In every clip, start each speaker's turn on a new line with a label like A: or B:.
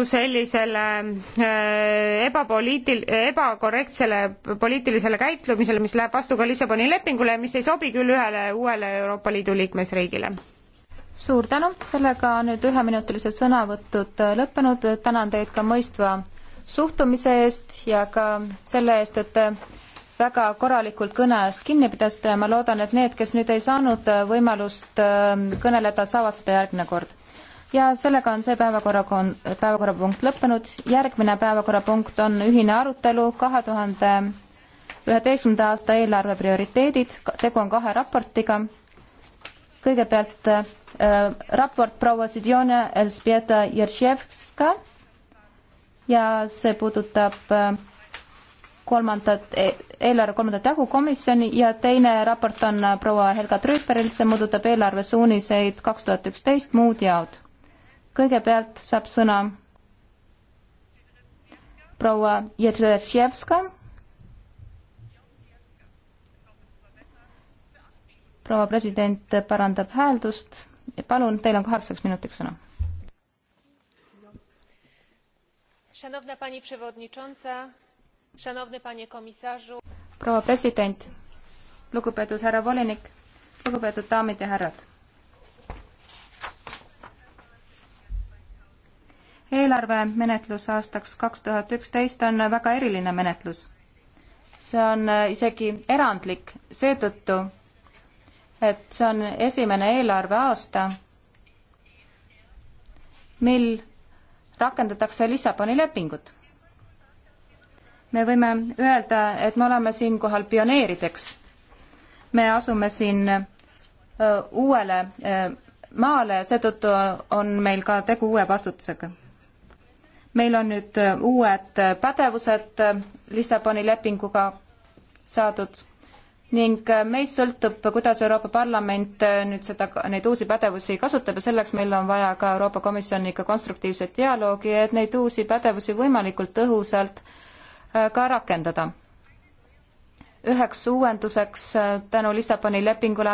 A: vastu sellisele äh, ebapoliitil-, ebakorrektsele poliitilisele käitumisele, mis läheb vastu ka Lissaboni lepingule ja mis ei sobi küll ühele uuele Euroopa Liidu liikmesriigile.
B: suur tänu, sellega on nüüd üheminutilised sõnavõtud äh, lõppenud, tänan teid ka mõistva suhtumise eest ja ka selle eest, et te väga korralikult kõne eest kinni pidasite ja ma loodan, et need, kes nüüd ei saanud äh, võimalust kõneleda, saavad seda järgmine kord ja sellega on see päevakorra, päevakorrapunkt lõppenud. järgmine päevakorrapunkt on ühine arutelu kahe tuhande üheteistkümnenda aasta eelarve prioriteedid, tegu on kahe raportiga. kõigepealt äh, raport proua Sidjone Elzbieta Jeršjevska ja see puudutab äh, kolmandat e, eelarve kolmandat jagu komisjoni ja teine raport on proua Helga Trüüperilt, see puudutab eelarvesuuniseid kaks tuhat üksteist, muud jaod kõigepealt saab sõna proua Jedrzejewska, proua president parandab hääldust ja palun, teil on kaheksaks minutiks sõna. Szanowna pani przewodnicząca, szanowny panie komisarzu. proua president, lugupeetud härra volinik, lugupeetud daamid ja härrad eelarvemenetlus aastaks kaks tuhat üksteist on väga eriline menetlus. see on isegi erandlik seetõttu, et see on esimene eelarveaasta, mil rakendatakse Lissaboni lepingut. me võime öelda, et me oleme siinkohal pioneerideks. me asume siin äh, uuele äh, maale, seetõttu on meil ka tegu uue vastutusega meil on nüüd äh, uued äh, pädevused äh, Lissaboni lepinguga saadud ning meist sõltub, kuidas Euroopa Parlament nüüd seda, neid uusi pädevusi kasutab ja selleks meil on vaja ka Euroopa Komisjoniga konstruktiivset dialoogi, et neid uusi pädevusi võimalikult tõhusalt ka rakendada. üheks uuenduseks tänu Lissaboni lepingule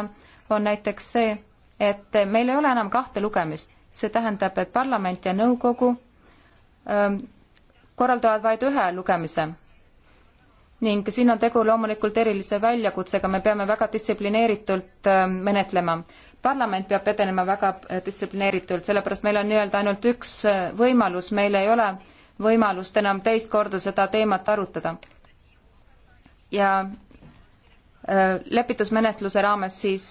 B: on näiteks see, et meil ei ole enam kahte lugemist, see tähendab, et parlament ja nõukogu Ähm, korraldavad vaid ühe lugemise. ning siin on tegu loomulikult erilise väljakutsega, me peame väga distsiplineeritult ähm, menetlema. parlament peab edenema väga äh, distsiplineeritult, sellepärast meil on nii-öelda ainult üks äh, võimalus, meil ei ole võimalust enam teist korda seda teemat arutada. ja äh, lepitusmenetluse raames siis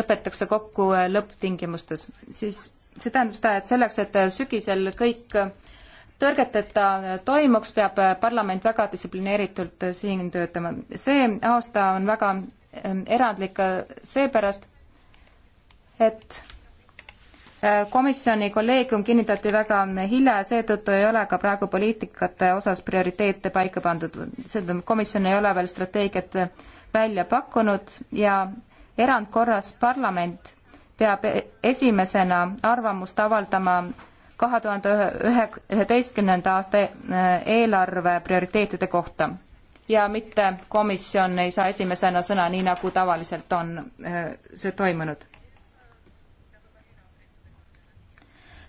B: lõpetatakse kokku lõpptingimustes, siis see tähendab seda, et selleks, et sügisel kõik tõrgeteta toimuks, peab parlament väga distsiplineeritult siin töötama. see aasta on väga erandlik seepärast, et äh, komisjoni kolleegium kinnitati väga hilja ja seetõttu ei ole ka praegu poliitikate osas prioriteete paika pandud. seda komisjon ei ole veel strateegiat välja pakkunud ja erandkorras parlament peab e-, esimesena arvamust avaldama kahe tuhande ühe, üheteistkümnenda aasta äh, eelarve prioriteetide kohta. ja mitte komisjon ei saa esimesena sõna, nii nagu tavaliselt on äh, see toimunud.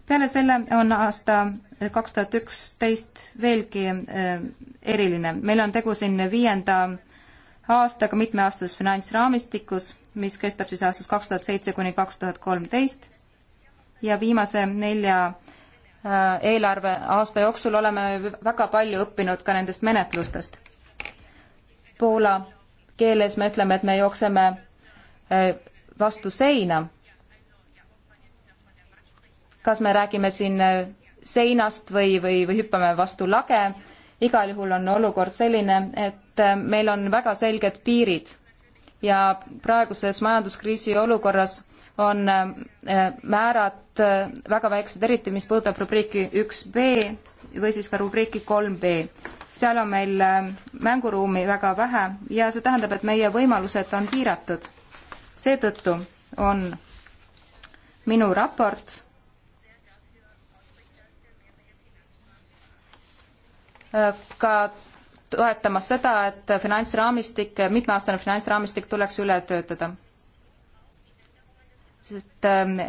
B: peale selle on aasta kaks tuhat üksteist veelgi äh, eriline. meil on tegu siin viienda aastaga mitmeaastases finantsraamistikus, mis kestab siis aastast kaks tuhat seitse kuni kaks tuhat kolmteist ja viimase nelja Äh, eelarve aasta jooksul oleme väga palju õppinud ka nendest menetlustest. Poola keeles me ütleme, et me jookseme äh, vastu seina. kas me räägime siin äh, seinast või, või, või hüppame vastu lage, igal juhul on olukord selline, et meil on väga selged piirid ja praeguses majanduskriisi olukorras on äh, määrad äh, väga väiksed, eriti mis puudutab rubriiki üks B või siis ka rubriiki kolm B. seal on meil äh, mänguruumi väga vähe ja see tähendab, et meie võimalused on piiratud. seetõttu on minu raport ka toetamas seda, et finantsraamistik, mitmeaastane finantsraamistik tuleks üle töötada sest ähm,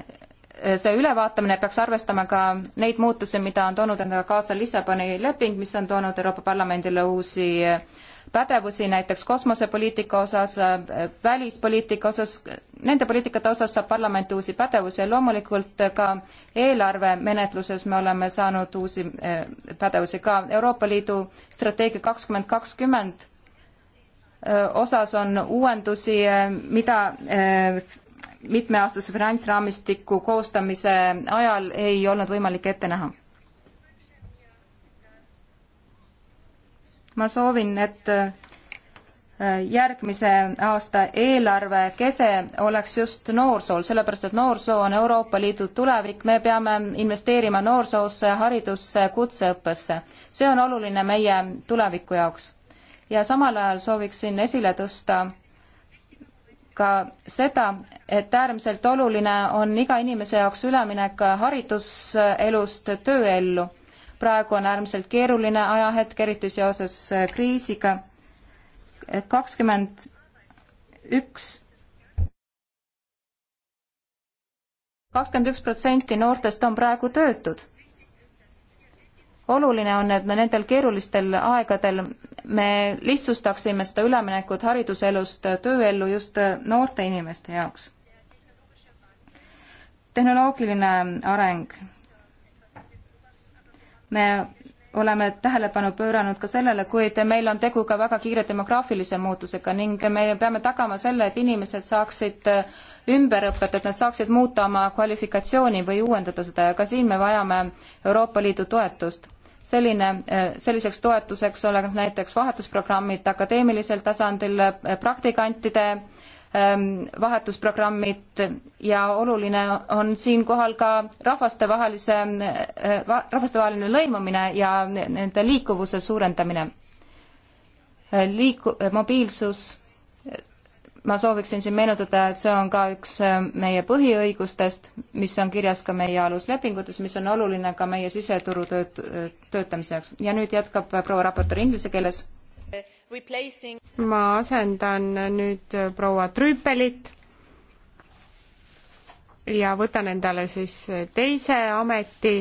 B: see ülevaatamine peaks arvestama ka neid muutusi, mida on toonud endaga kaasa Lissaboni leping, mis on toonud Euroopa Parlamendile uusi äh, pädevusi näiteks kosmosepoliitika osas, äh, välispoliitika osas, nende poliitikate osas saab parlament uusi pädevusi ja loomulikult ka eelarvemenetluses me oleme saanud uusi äh, pädevusi ka Euroopa Liidu strateegia kakskümmend kakskümmend osas on uuendusi, mida mitmeaastase finantsraamistiku koostamise ajal ei olnud võimalik ette näha. ma soovin, et äh, järgmise aasta eelarve kese oleks just noorsool, sellepärast et noorsoo on Euroopa Liidu tulevik, me peame investeerima noorsoosse, haridusse, kutseõppesse. see on oluline meie tuleviku jaoks. ja samal ajal sooviksin esile tõsta ka seda, et äärmiselt oluline on iga inimese jaoks üleminek hariduselust tööellu. praegu on äärmiselt keeruline ajahetk, eriti seoses kriisiga. kakskümmend üks kakskümmend üks protsenti noortest on praegu töötud oluline on, et nendel keerulistel aegadel me lihtsustaksime seda üleminekut hariduselust tööellu just noorte inimeste jaoks. tehnoloogiline areng. me oleme tähelepanu pööranud ka sellele, kuid meil on tegu ka väga kiire demograafilise muutusega ning me peame tagama selle, et inimesed saaksid ümberõpet, et nad saaksid muuta oma kvalifikatsiooni või uuendada seda ja ka siin me vajame Euroopa Liidu toetust selline, selliseks toetuseks oleks näiteks vahetusprogrammid akadeemilisel tasandil, praktikantide ähm, vahetusprogrammid ja oluline on siinkohal ka rahvastevahelise, äh, rahvastevaheline lõimumine ja nende liikuvuse suurendamine. Äh, liiku-, mobiilsus ma sooviksin siin meenutada, et see on ka üks äh, meie põhiõigustest, mis on kirjas ka meie aluslepingutes, mis on oluline ka meie siseturu tööt-,
A: töötamise jaoks. ja nüüd jätkab äh, proua raportöör inglise keeles. ma asendan nüüd äh, proua Trüüpelit ja võtan endale siis teise ameti,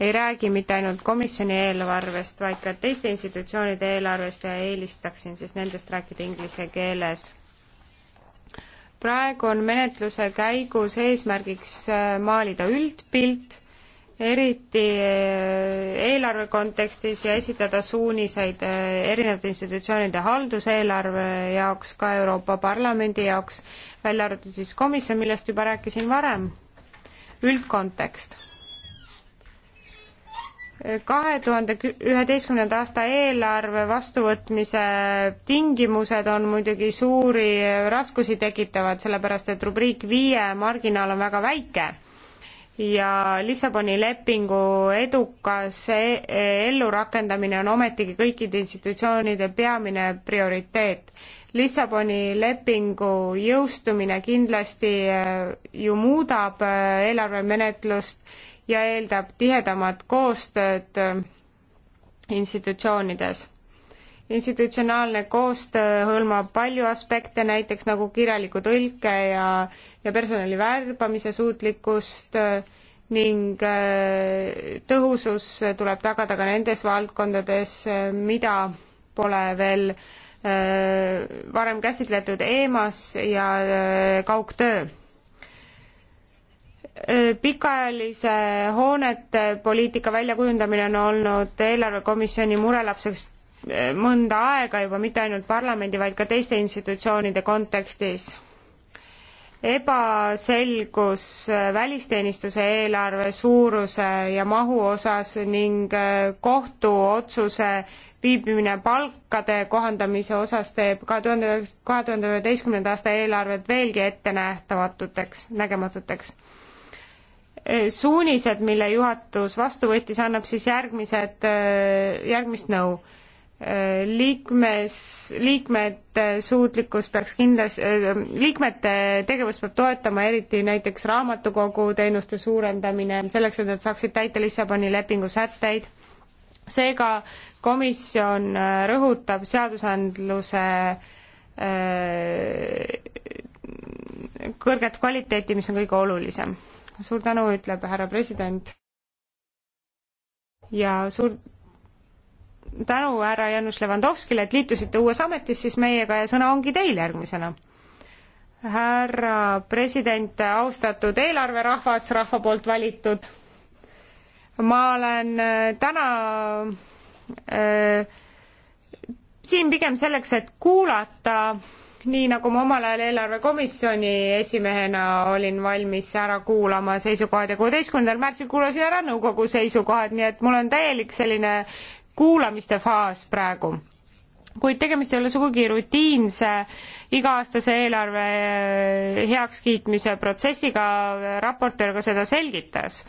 A: ei räägi mitte ainult komisjoni eelarvest, vaid ka teiste institutsioonide eelarvest ja eelistaksin siis nendest rääkida inglise keeles praegu on menetluse käigus eesmärgiks äh, maalida üldpilt, eriti äh, eelarve kontekstis ja esitada suuniseid äh, erinevate institutsioonide halduseelarve jaoks, ka Euroopa Parlamendi jaoks, välja arvatud siis komisjon, millest juba rääkisin varem, üldkontekst kahe tuhande üheteistkümnenda aasta eelarve vastuvõtmise tingimused on muidugi suuri raskusi tekitavad, sellepärast et rubriik viie marginaal on väga väike ja Lissaboni lepingu edukas e-, ellurakendamine on ometigi kõikide institutsioonide peamine prioriteet. Lissaboni lepingu jõustumine kindlasti ju muudab äh, eelarvemenetlust ja eeldab tihedamat koostööd äh, institutsioonides. institutsionaalne koostöö hõlmab palju aspekte, näiteks nagu kirjaliku tõlke ja, ja personali värbamise suutlikkust äh, ning äh, tõhusus tuleb tagada ka nendes valdkondades, mida pole veel varem käsitletud EMAS ja kaugtöö Äh, pikaajalise hoonete poliitika väljakujundamine on olnud eelarvekomisjoni murelapseks äh, mõnda aega juba mitte ainult parlamendi, vaid ka teiste institutsioonide kontekstis. ebaselgus äh, välisteenistuse eelarve suuruse ja mahu osas ning kohtuotsuse viibimine palkade kohandamise osas teeb kahe tuhande üheksa, kahe tuhande üheteistkümnenda aasta eelarved veelgi ettenähtamatuteks, nägematuteks Eh, suunised, mille juhatus vastu võttis, annab siis järgmised, eh, järgmist nõu. Eh, liikmes, liikmete suutlikkus peaks kindlasti, liikmete tegevust peab toetama eriti näiteks raamatukogu teenuste suurendamine, selleks, et nad saaksid täita Lissaboni lepingu sätteid. seega komisjon rõhutab seadusandluse kõrget kvaliteeti, mis on kõige olulisem suur tänu, ütleb härra president. ja suur tänu härra Janus Levandovskile, et liitusite uues ametis siis meiega ja sõna ongi teil järgmisena. härra president, austatud eelarverahvas, rahva poolt valitud, ma olen äh, täna äh, siin pigem selleks, et kuulata äh, nii nagu ma omal ajal eelarvekomisjoni esimehena olin valmis ära kuulama seisukohad ja kuueteistkümnendal märtsil kuulasin ära nõukogu seisukohad, nii et mul on täielik selline kuulamiste faas praegu kuid tegemist ei ole sugugi rutiinse iga-aastase eelarve äh, heakskiitmise protsessiga, raportöör ka seda selgitas.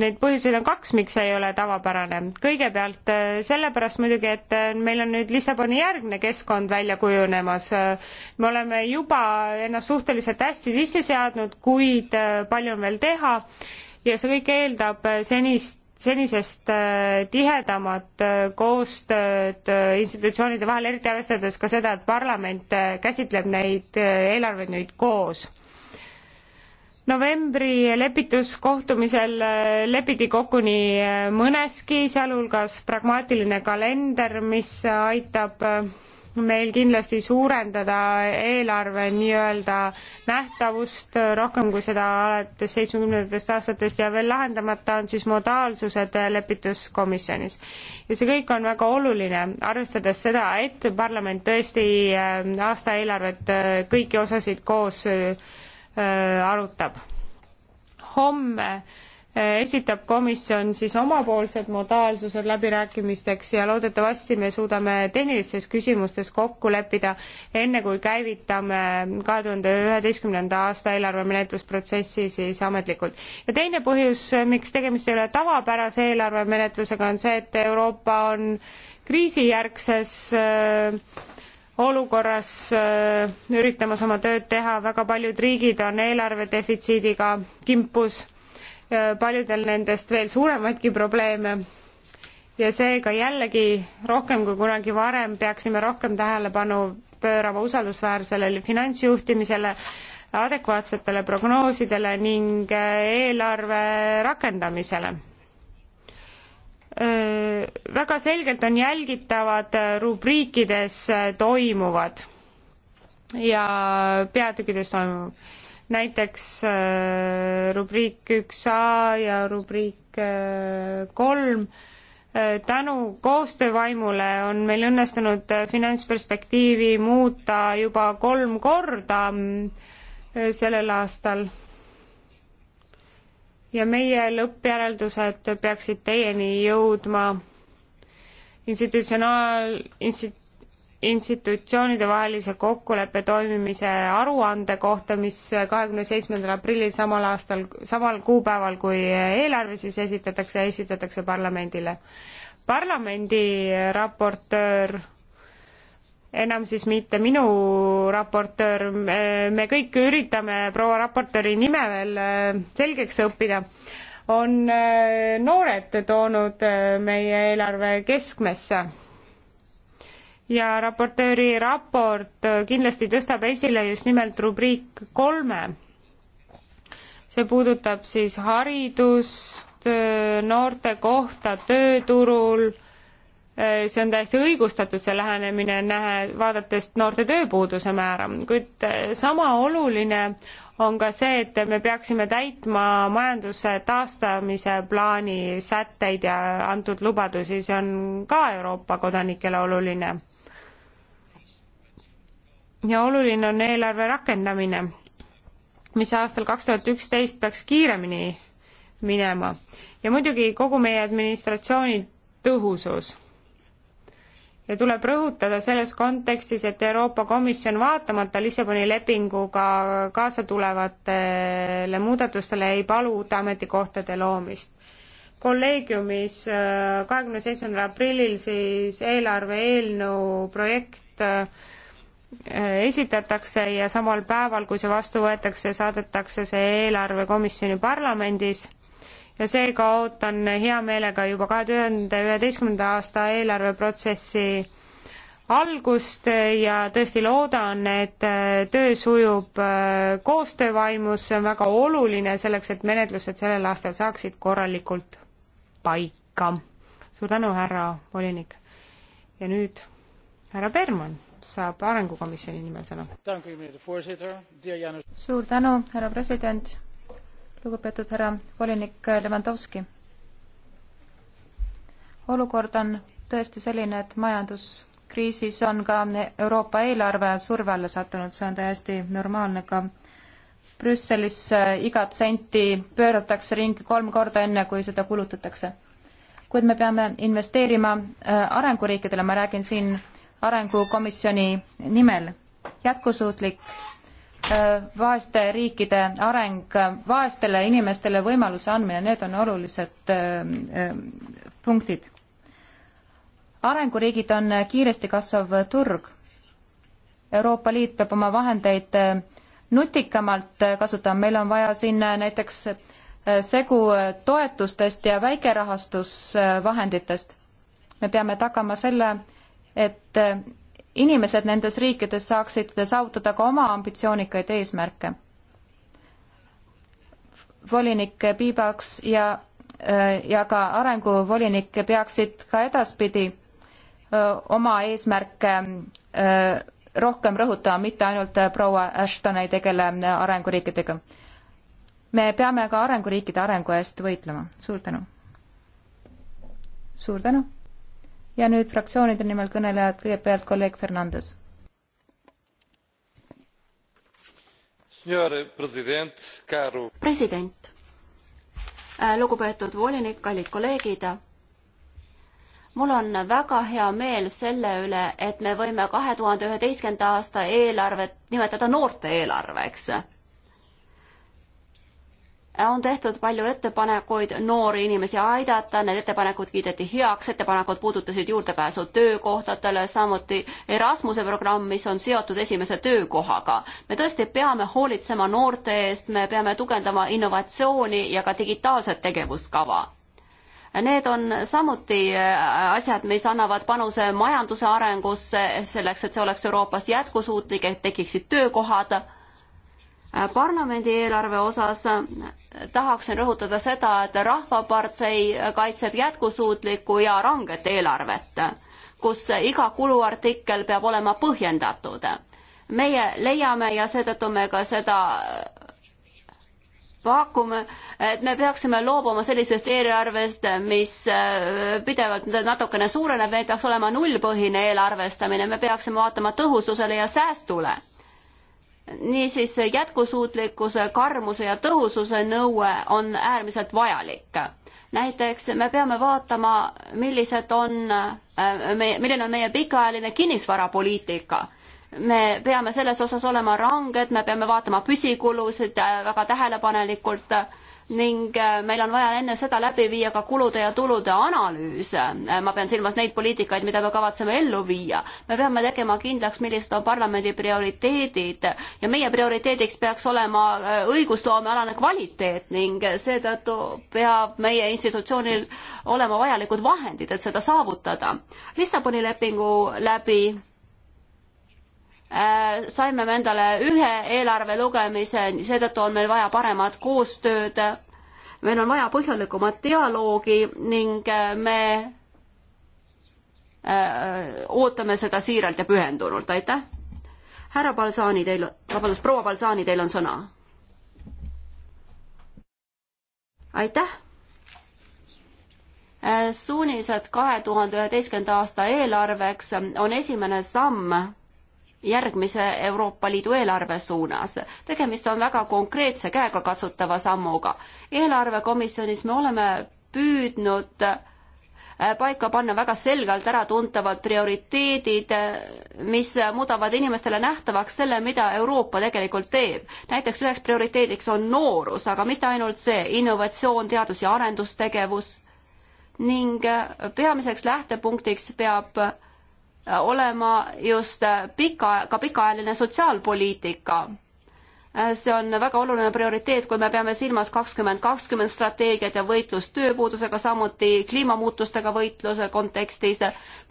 A: Neid põhjuseid on kaks, miks see ei ole tavapärane. kõigepealt äh, sellepärast muidugi, et äh, meil on nüüd Lissaboni järgne keskkond välja kujunemas. me oleme juba ennast suhteliselt hästi sisse seadnud, kuid palju on veel teha ja see kõik eeldab senist senisest äh, tihedamat äh, koostööd äh, institutsioonide vahel, eriti arvestades ka seda, et parlament käsitleb neid eelarveid nüüd koos. novembri lepituskohtumisel lepiti kokku nii mõneski, sealhulgas pragmaatiline kalender, mis aitab meil kindlasti suurendada eelarve nii-öelda nähtavust rohkem kui seda alates seitsmekümnendatest aastatest ja veel lahendamata on siis modaalsused lepituskomisjonis. ja see kõik on väga oluline, arvestades seda, et parlament tõesti äh, aastaeelarvet äh, kõiki osasid koos äh, arutab. homme esitab komisjon siis omapoolsed modaalsused läbirääkimisteks ja loodetavasti me suudame tehnilistes küsimustes kokku leppida, enne kui käivitame kahe tuhande üheteistkümnenda aasta eelarvemenetlusprotsessi siis ametlikult. ja teine põhjus, miks tegemist ei ole tavapärase eelarvemenetlusega, on see, et Euroopa on kriisijärgses äh, olukorras äh, üritamas oma tööd teha, väga paljud riigid on eelarvedefitsiidiga kimpus Äh, paljudel nendest veel suuremaidki probleeme ja seega jällegi rohkem kui kunagi varem peaksime rohkem tähelepanu pöörama usaldusväärsele finantsjuhtimisele, adekvaatsetele prognoosidele ning äh, eelarve rakendamisele. Äh, väga selgelt on jälgitavad rubriikides toimuvad ja peatükkides toimuv näiteks äh, rubriik üks A ja rubriik äh, kolm. Äh, tänu koostöövaimule on meil õnnestunud finantsperspektiivi muuta juba kolm korda sellel aastal. ja meie lõppjäreldused peaksid teieni jõudma institutsionaal, instit-, institutsioonide vahelise kokkuleppe toimimise aruande kohta, mis kahekümne seitsmendal aprillil samal aastal, samal kuupäeval kui eelarve siis esitatakse, esitatakse parlamendile. parlamendi raportöör enam siis mitte minu raportöör, me kõik üritame proua raportööri nime veel äh, selgeks õppida, on äh, noored toonud äh, meie eelarve keskmesse ja raportööri raport kindlasti tõstab esile just nimelt rubriik kolme. see puudutab siis haridust noorte kohta tööturul, see on täiesti õigustatud, see lähenemine, nähe, vaadates noorte tööpuuduse määra, kuid sama oluline on ka see, et me peaksime täitma majanduse taastamise plaani sätteid ja antud lubadusi, see on ka Euroopa kodanikele oluline ja oluline on eelarve rakendamine, mis aastal kaks tuhat üksteist peaks kiiremini minema ja muidugi kogu meie administratsiooni tõhusus. ja tuleb rõhutada selles kontekstis, et Euroopa Komisjon vaatamata Lissaboni lepinguga kaasa tulevatele muudatustele ei palu uute ametikohtade loomist kolleegiumis äh, kahekümne seitsmendal aprillil siis eelarve eelnõu projekt äh, Äh, esitatakse ja samal päeval, kui see vastu võetakse, saadetakse see eelarvekomisjoni parlamendis ja seega ootan hea meelega juba kahe tuhande üheteistkümnenda aasta eelarveprotsessi algust ja tõesti loodan, et äh, töö sujub äh, koostöövaimus, see on väga oluline selleks, et menetlused sellel aastal saaksid korralikult paika. suur tänu, härra volinik. ja nüüd härra Berman saab Arengukomisjoni nimel sõna. suur tänu, härra president,
B: lugupeetud härra volinik Levanovski. olukord on tõesti selline, et majanduskriisis on ka Euroopa eelarve surve alla sattunud, see on täiesti normaalne ka Brüsselis igat senti pööratakse ringi kolm korda, enne kui seda kulutatakse. kuid me peame investeerima äh, arenguriikidele, ma räägin siin Arengukomisjoni nimel jätkusuutlik äh, vaeste riikide areng, vaestele inimestele võimaluse andmine, need on olulised äh, äh, punktid. arenguriigid on kiiresti kasvav turg. Euroopa Liit peab oma vahendeid nutikamalt kasutama, meil on vaja siin näiteks segu toetustest ja väikerahastusvahenditest. me peame tagama selle, et äh, inimesed nendes riikides saaksid saavutada ka oma ambitsioonikaid eesmärke. volinik Piibaks ja, äh, ja ka arenguvolinik peaksid ka edaspidi öö, äh, oma eesmärke öö, rohkem rõhutama, mitte ainult proua Ashton ei tegele arenguriikidega. me peame ka arenguriikide arengu eest võitlema. suur tänu. suur tänu ja nüüd fraktsioonide nimel kõnelejad, kõigepealt kolleeg Fernandes. president,
C: äh, lugupeetud volinik, kallid kolleegid mul on väga hea meel selle üle, et me võime kahe tuhande üheteistkümnenda aasta eelarvet nimetada noorte eelarveks on tehtud palju ettepanekuid noori inimesi aidata, need ettepanekud kiideti heaks, ettepanekud puudutasid juurdepääsu töökohtadele, samuti Erasmuse programm, mis on seotud esimese töökohaga. me tõesti peame hoolitsema noorte eest, me peame tugevdama innovatsiooni ja ka digitaalset tegevuskava need on samuti äh, asjad, mis annavad panuse majanduse arengusse, selleks et see oleks Euroopas jätkusuutlik, et tekiksid töökohad Äh, parlamendi eelarve osas tahaksin rõhutada seda, et Rahvapartei äh, kaitseb jätkusuutlikku ja ranget eelarvet, kus iga kuluartikkel peab olema põhjendatud. meie leiame ja seetõttu me ka seda äh, pakume, et me peaksime loobuma sellisest eelarvest, mis pidevalt natukene suureneb, meil peaks olema nullpõhine eelarvestamine, me peaksime vaatama tõhususele ja säästule niisiis jätkusuutlikkuse, karmuse ja tõhususe nõue on äärmiselt vajalik. näiteks me peame vaatama, millised on äh, meie, milline on meie pikaajaline kinnisvarapoliitika. me peame selles osas olema ranged, me peame vaatama püsikulusid äh, väga tähelepanelikult ning äh, meil on vaja enne seda läbi viia ka kulude ja tulude analüüs. Äh, ma pean silmas neid poliitikaid, mida me kavatseme ellu viia. me peame tegema kindlaks, millised on parlamendi prioriteedid ja meie prioriteediks peaks olema äh, õigusloomealane kvaliteet ning seetõttu peab meie institutsioonil olema vajalikud vahendid, et seda saavutada. Lissaboni lepingu läbi Äh, saime me endale ühe eelarve lugemise, seetõttu on meil vaja paremat koostööd. meil on vaja põhjalikumat dialoogi ning äh, me äh, ootame seda siiralt ja pühendunult, aitäh. härra Balsani, teil, vabandust, proua Balsani, teil on sõna. aitäh. suunised kahe tuhande üheteistkümnenda aasta eelarveks on esimene samm järgmise Euroopa Liidu eelarve suunas. tegemist on väga konkreetse käegakatsutava sammuga. eelarvekomisjonis me oleme püüdnud äh, paika panna väga selgelt äratuntavad prioriteedid, äh, mis muudavad inimestele nähtavaks selle, mida Euroopa tegelikult teeb. näiteks üheks prioriteediks on noorus, aga mitte ainult see, innovatsioon, teadus- ja arendustegevus ning äh, peamiseks lähtepunktiks peab Äh, olema just äh, pika, ka pikaajaline sotsiaalpoliitika äh, see on väga oluline prioriteet, kui me peame silmas kakskümmend kakskümmend strateegiat ja võitlust tööpuudusega, samuti kliimamuutustega võitluse kontekstis.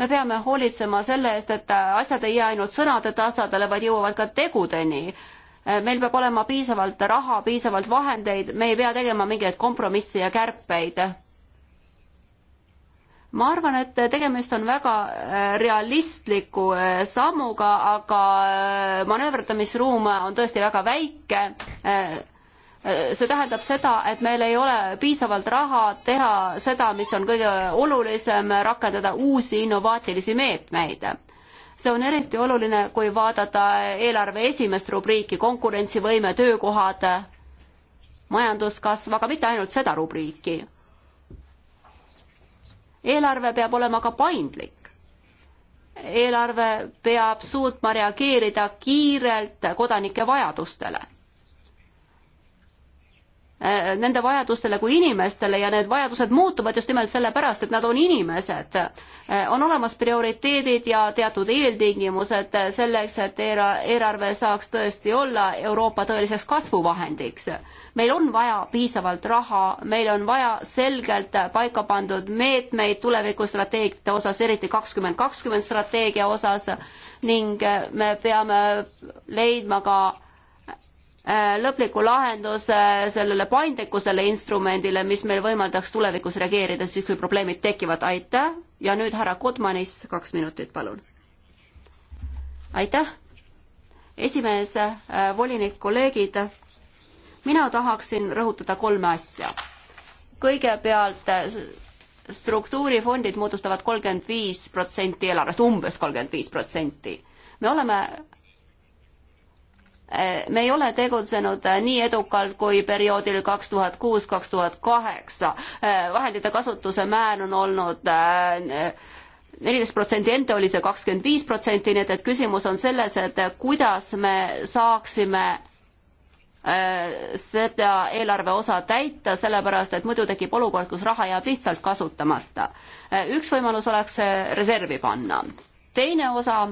C: me peame hoolitsema selle eest, et asjad ei jää ainult sõnade tasandile, vaid jõuavad ka tegudeni. meil peab olema piisavalt raha, piisavalt vahendeid, me ei pea tegema mingeid kompromisse ja kärpeid ma arvan, et tegemist on väga äh, realistliku äh, sammuga, aga äh, manööverdamisruum on tõesti väga väike. see tähendab seda, et meil ei ole piisavalt raha teha seda, mis on kõige olulisem, rakendada uusi innovaatilisi meetmeid see on eriti oluline, kui vaadata eelarve esimest rubriiki, konkurentsivõime, töökohad, majanduskasv, aga mitte ainult seda rubriiki eelarve peab olema ka paindlik. eelarve peab suutma reageerida kiirelt kodanike vajadustele Äh, nende vajadustele kui inimestele ja need vajadused muutuvad just nimelt sellepärast, et nad on inimesed. Äh, on olemas prioriteedid ja teatud eeltingimused selleks, et era-, eelarve saaks tõesti olla Euroopa tõeliseks kasvuvahendiks. meil on vaja piisavalt raha, meil on vaja selgelt paika pandud meetmeid tulevikustrateegiate osas, eriti kakskümmend kakskümmend strateegia osas ning me peame leidma ka Äh, lõpliku lahenduse sellele paindlikkusele instrumendile, mis meil võimaldaks tulevikus reageerida siis, kui probleemid tekivad. aitäh ja nüüd härra Kotmanis kaks minutit, palun. aitäh, esimees, äh, volinik, kolleegid. mina tahaksin rõhutada kolme asja. kõigepealt äh, struktuurifondid moodustavad kolmkümmend viis protsenti eelarvest, umbes kolmkümmend viis protsenti. me oleme me ei ole tegutsenud äh, nii edukalt kui perioodil kaks tuhat kuus, kaks tuhat kaheksa. Äh, vahendite kasutuse määr on olnud äh, neliteist protsenti, ente oli see kakskümmend viis protsenti, nii et, et küsimus on selles, et kuidas me saaksime seda eelarve osa täita, sellepärast et muidu tekib olukord, kus raha jääb lihtsalt kasutamata. üks võimalus oleks reservi panna. teine osa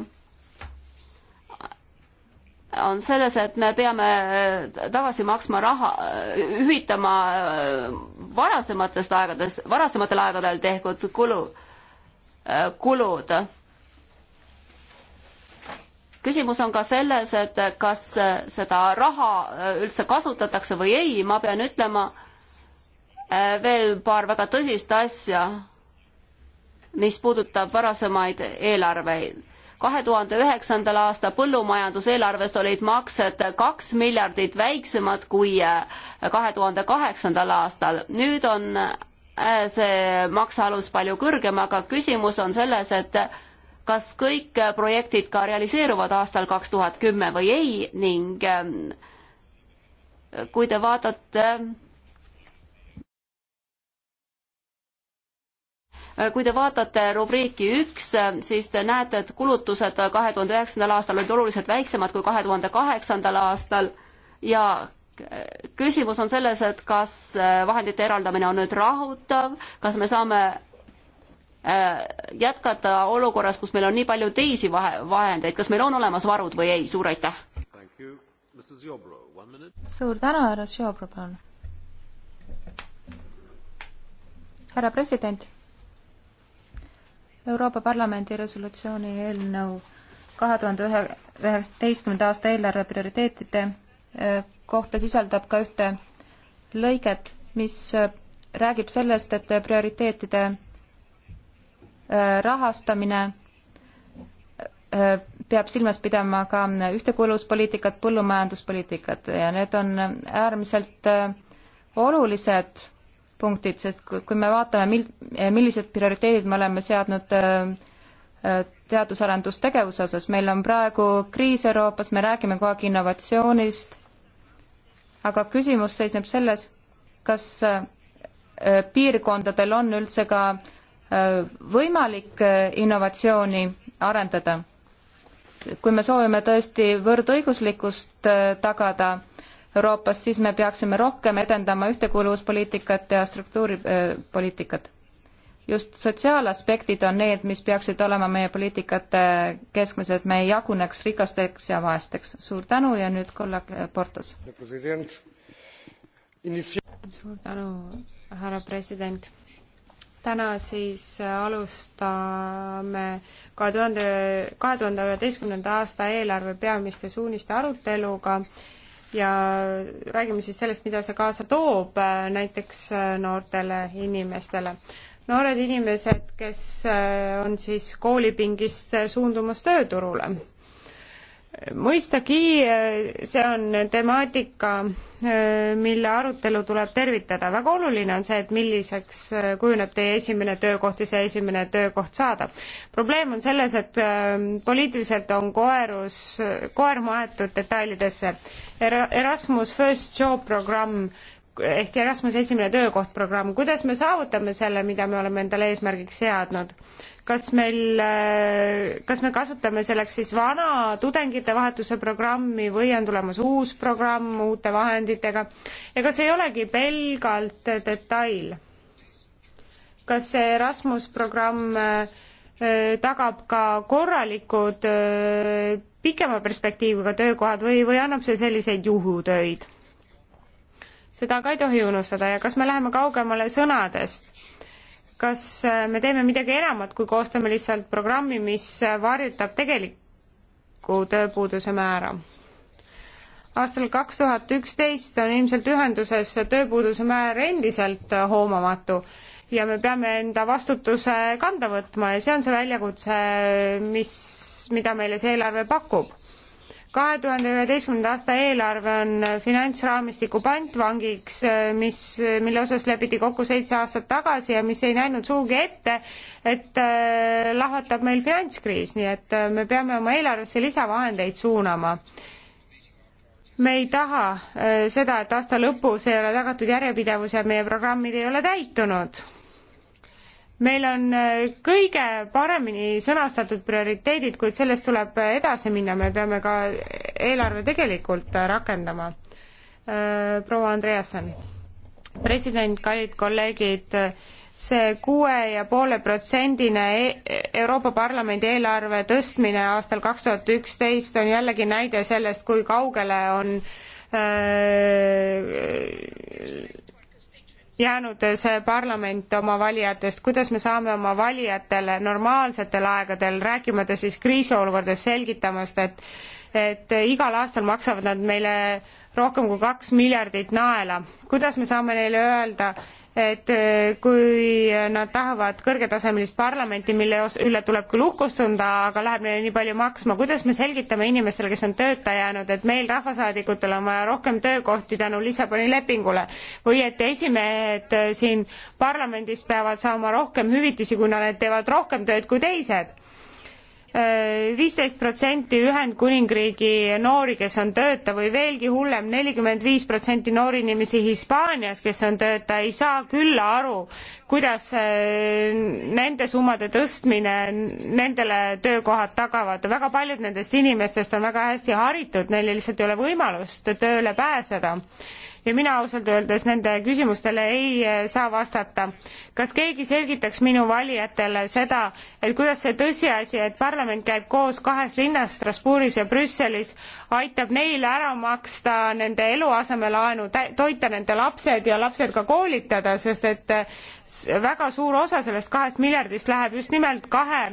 C: on selles, et me peame äh, tagasi maksma raha, äh, hüvitama äh, varasematest aegadest, varasematel aegadel tehtud kulu, kulud. küsimus on ka selles, et kas seda raha üldse kasutatakse või ei, ma pean ütlema veel paar väga tõsist asja, mis puudutab varasemaid eelarveid kahe tuhande üheksandal aasta põllumajanduseelarvest olid maksed kaks miljardit väiksemad kui äh, kahe tuhande kaheksandal aastal. nüüd on äh, see maksealus palju kõrgem, aga küsimus on selles, et kas kõik projektid ka realiseeruvad aastal kaks tuhat kümme või ei ning ähm, kui te vaatate kui te vaatate rubriiki üks, siis te näete, et kulutused kahe tuhande üheksandal aastal olid oluliselt väiksemad kui kahe tuhande kaheksandal aastal ja küsimus on selles, et kas äh, vahendite eraldamine on nüüd rahutav, kas me saame äh, jätkata olukorras, kus meil on nii palju teisi vahe, vahendeid, kas meil on olemas varud või ei, suur aitäh!
B: suur tänu, härra Žiobro, palun! härra president Euroopa Parlamendi resolutsiooni eelnõu kahe tuhande üheksateistkümnenda aasta eelarve prioriteetide äh, kohta sisaldab ka ühte lõiget, mis äh, räägib sellest, et äh, prioriteetide rahastamine peab silmas pidama ka ühtekuuluvuspoliitikat, põllumajanduspoliitikat ja need on äärmiselt olulised punktid, sest kui me vaatame, mil-, millised prioriteedid me oleme seadnud äh, äh, teadus-arendustegevuse osas, meil on praegu kriis Euroopas, me räägime kogu aeg innovatsioonist, aga küsimus seisneb selles, kas äh, piirkondadel on üldse ka võimalik innovatsiooni arendada. kui me soovime tõesti võrdõiguslikkust tagada, Euroopas, siis me peaksime rohkem edendama ühtekuuluvuspoliitikat ja struktuuripoliitikat. just sotsiaalaspektid on need, mis peaksid olema meie poliitikate keskmes, et me ei jaguneks rikasteks ja vaesteks.
A: suur tänu ja nüüd kolleeg Portos. suur tänu, härra president täna siis alustame kahe tuhande, kahe tuhande üheteistkümnenda aasta eelarve peamiste suuniste aruteluga ja räägime siis sellest, mida see kaasa toob äh, näiteks äh, noortele inimestele. noored inimesed, kes äh, on siis koolipingist suundumas tööturule mõistagi eh, see on temaatika, eh, mille arutelu tuleb tervitada. väga oluline on see, et milliseks eh, kujuneb teie esimene töökoht ja see esimene töökoht saada. probleem on selles, et poliitiliselt on koerus, koer maetud detailidesse. Erasmus First Job programm ehk Erasmuse esimene töökoht programm, kuidas me saavutame selle, mida me oleme endale eesmärgiks seadnud? kas meil, äh, kas me kasutame selleks siis vana tudengite vahetuse programmi või on tulemas uus programm uute vahenditega ja kas ei olegi pelgalt detail? kas see Erasmus programm äh, äh, tagab ka korralikud pikema perspektiiviga töökohad või, või annab see selliseid juhutöid? seda ka ei tohi unustada ja kas me läheme kaugemale sõnadest? kas äh, me teeme midagi enamat, kui koostame lihtsalt programmi, mis äh, varjutab tegeliku tööpuuduse määra? aastal kaks tuhat üksteist on ilmselt ühenduses tööpuuduse määr endiselt äh, hoomamatu ja me peame enda vastutuse kanda võtma ja see on see väljakutse, mis, mida meile see eelarve pakub kahe tuhande üheteistkümnenda aasta eelarve on finantsraamistiku pantvangiks, mis, mille osas lepiti kokku seitse aastat tagasi ja mis ei näinud sugugi ette, et äh, lahvatab meil finantskriis, nii et äh, me peame oma eelarvesse lisavahendeid suunama me ei taha äh, seda, et aasta lõpus ei ole tagatud järjepidevus ja meie programmid ei ole täitunud meil on äh, kõige paremini sõnastatud prioriteedid, kuid sellest tuleb edasi minna, me peame ka eelarve tegelikult äh, rakendama. Äh, proua Andreasen, president, kallid kolleegid, see kuue ja poole protsendine e-, Euroopa Parlamendi eelarve tõstmine aastal kaks tuhat üksteist on jällegi näide sellest, kui kaugele on öö, jäänud see parlament oma valijatest, kuidas me saame oma valijatele normaalsetel aegadel, rääkimata siis kriisiolukordades, selgitamast, et et igal aastal maksavad nad meile rohkem kui kaks miljardit naela. kuidas me saame neile öelda, et eh, kui nad tahavad kõrgetasemelist parlamenti, mille üle tuleb küll uhkustada, aga läheb neile nii palju maksma, kuidas me selgitame inimestele, kes on tööta jäänud, et meil, rahvasaadikutel, on vaja rohkem töökohti tänu Lissaboni lepingule või et esimehed eh, siin parlamendis peavad saama rohkem hüvitisi, kui nad teevad rohkem tööd kui teised viisteist protsenti Ühendkuningriigi noori, kes on tööta või veelgi hullem, nelikümmend viis protsenti noori inimesi Hispaanias, kes on tööta, ei saa küll aru, kuidas äh, nende summade tõstmine nendele töökohad tagavad. väga paljud nendest inimestest on väga hästi haritud, neil lihtsalt ei ole võimalust tööle pääseda ja mina ausalt öeldes nende küsimustele ei eh, saa vastata. kas keegi selgitaks minu valijatele seda, et kuidas see tõsiasi, et parlament käib koos kahes linnas, Strasbourgis ja Brüsselis, aitab neil ära maksta nende eluasemelaenu, toita nende lapsed ja lapsed ka koolitada, sest et eh, väga suur osa sellest kahest miljardist läheb just nimelt kahe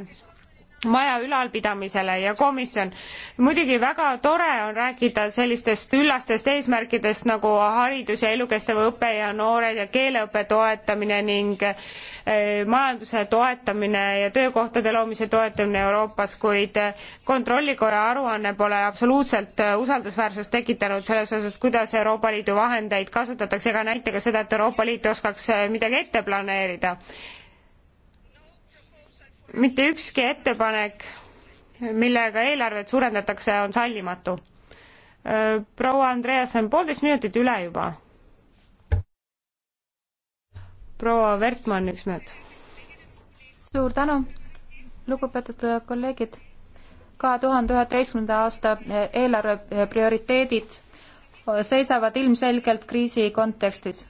A: maja ülalpidamisele ja komisjon. muidugi väga tore on rääkida sellistest üllastest eesmärkidest nagu haridus ja elukestev õpe ja noored ja keeleõppe toetamine ning eh, majanduse toetamine ja töökohtade loomise toetamine Euroopas, kuid eh, kontrollikoja aruanne pole absoluutselt eh, usaldusväärsust tekitanud selles osas, kuidas Euroopa Liidu vahendeid kasutatakse ega näita ka seda, et Euroopa Liit oskaks midagi ette planeerida mitte ükski ettepanek, millega eelarvet suurendatakse, on sallimatu. proua Andreas on poolteist minutit üle juba. proua Vertmann, üks minut.
B: suur tänu, lugupeetud kolleegid. kahe tuhande üheteistkümnenda aasta eelarve prioriteedid seisavad ilmselgelt kriisi kontekstis.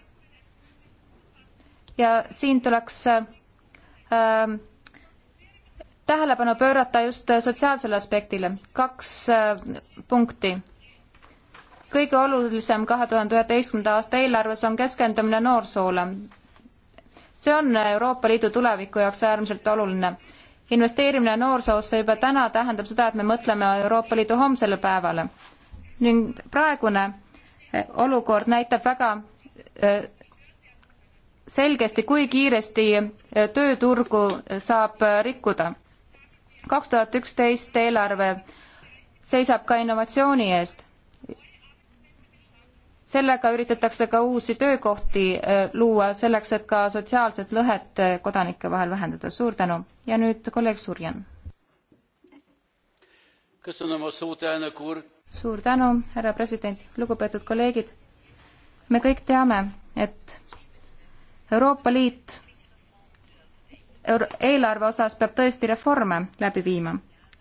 B: ja siin tuleks äh, tähelepanu pöörata just sotsiaalsele aspektile. kaks äh, punkti. kõige olulisem kahe tuhande üheteistkümnenda aasta eelarves on keskendumine noorsoole. see on Euroopa Liidu tuleviku jaoks äärmiselt oluline. investeerimine noorsoosse juba täna tähendab seda, et me mõtleme Euroopa Liidu homsele päevale. ning praegune äh, olukord näitab väga äh, selgesti, kui kiiresti tööturgu saab rikkuda kaks tuhat üksteist eelarve seisab ka innovatsiooni eest. sellega üritatakse ka uusi töökohti äh, luua, selleks et ka sotsiaalset lõhet äh, kodanike vahel vähendada. suur tänu ja nüüd kolleeg Surjan. suur tänu, härra president, lugupeetud kolleegid. me kõik teame, et Euroopa Liit eelarve osas peab tõesti reforme läbi viima,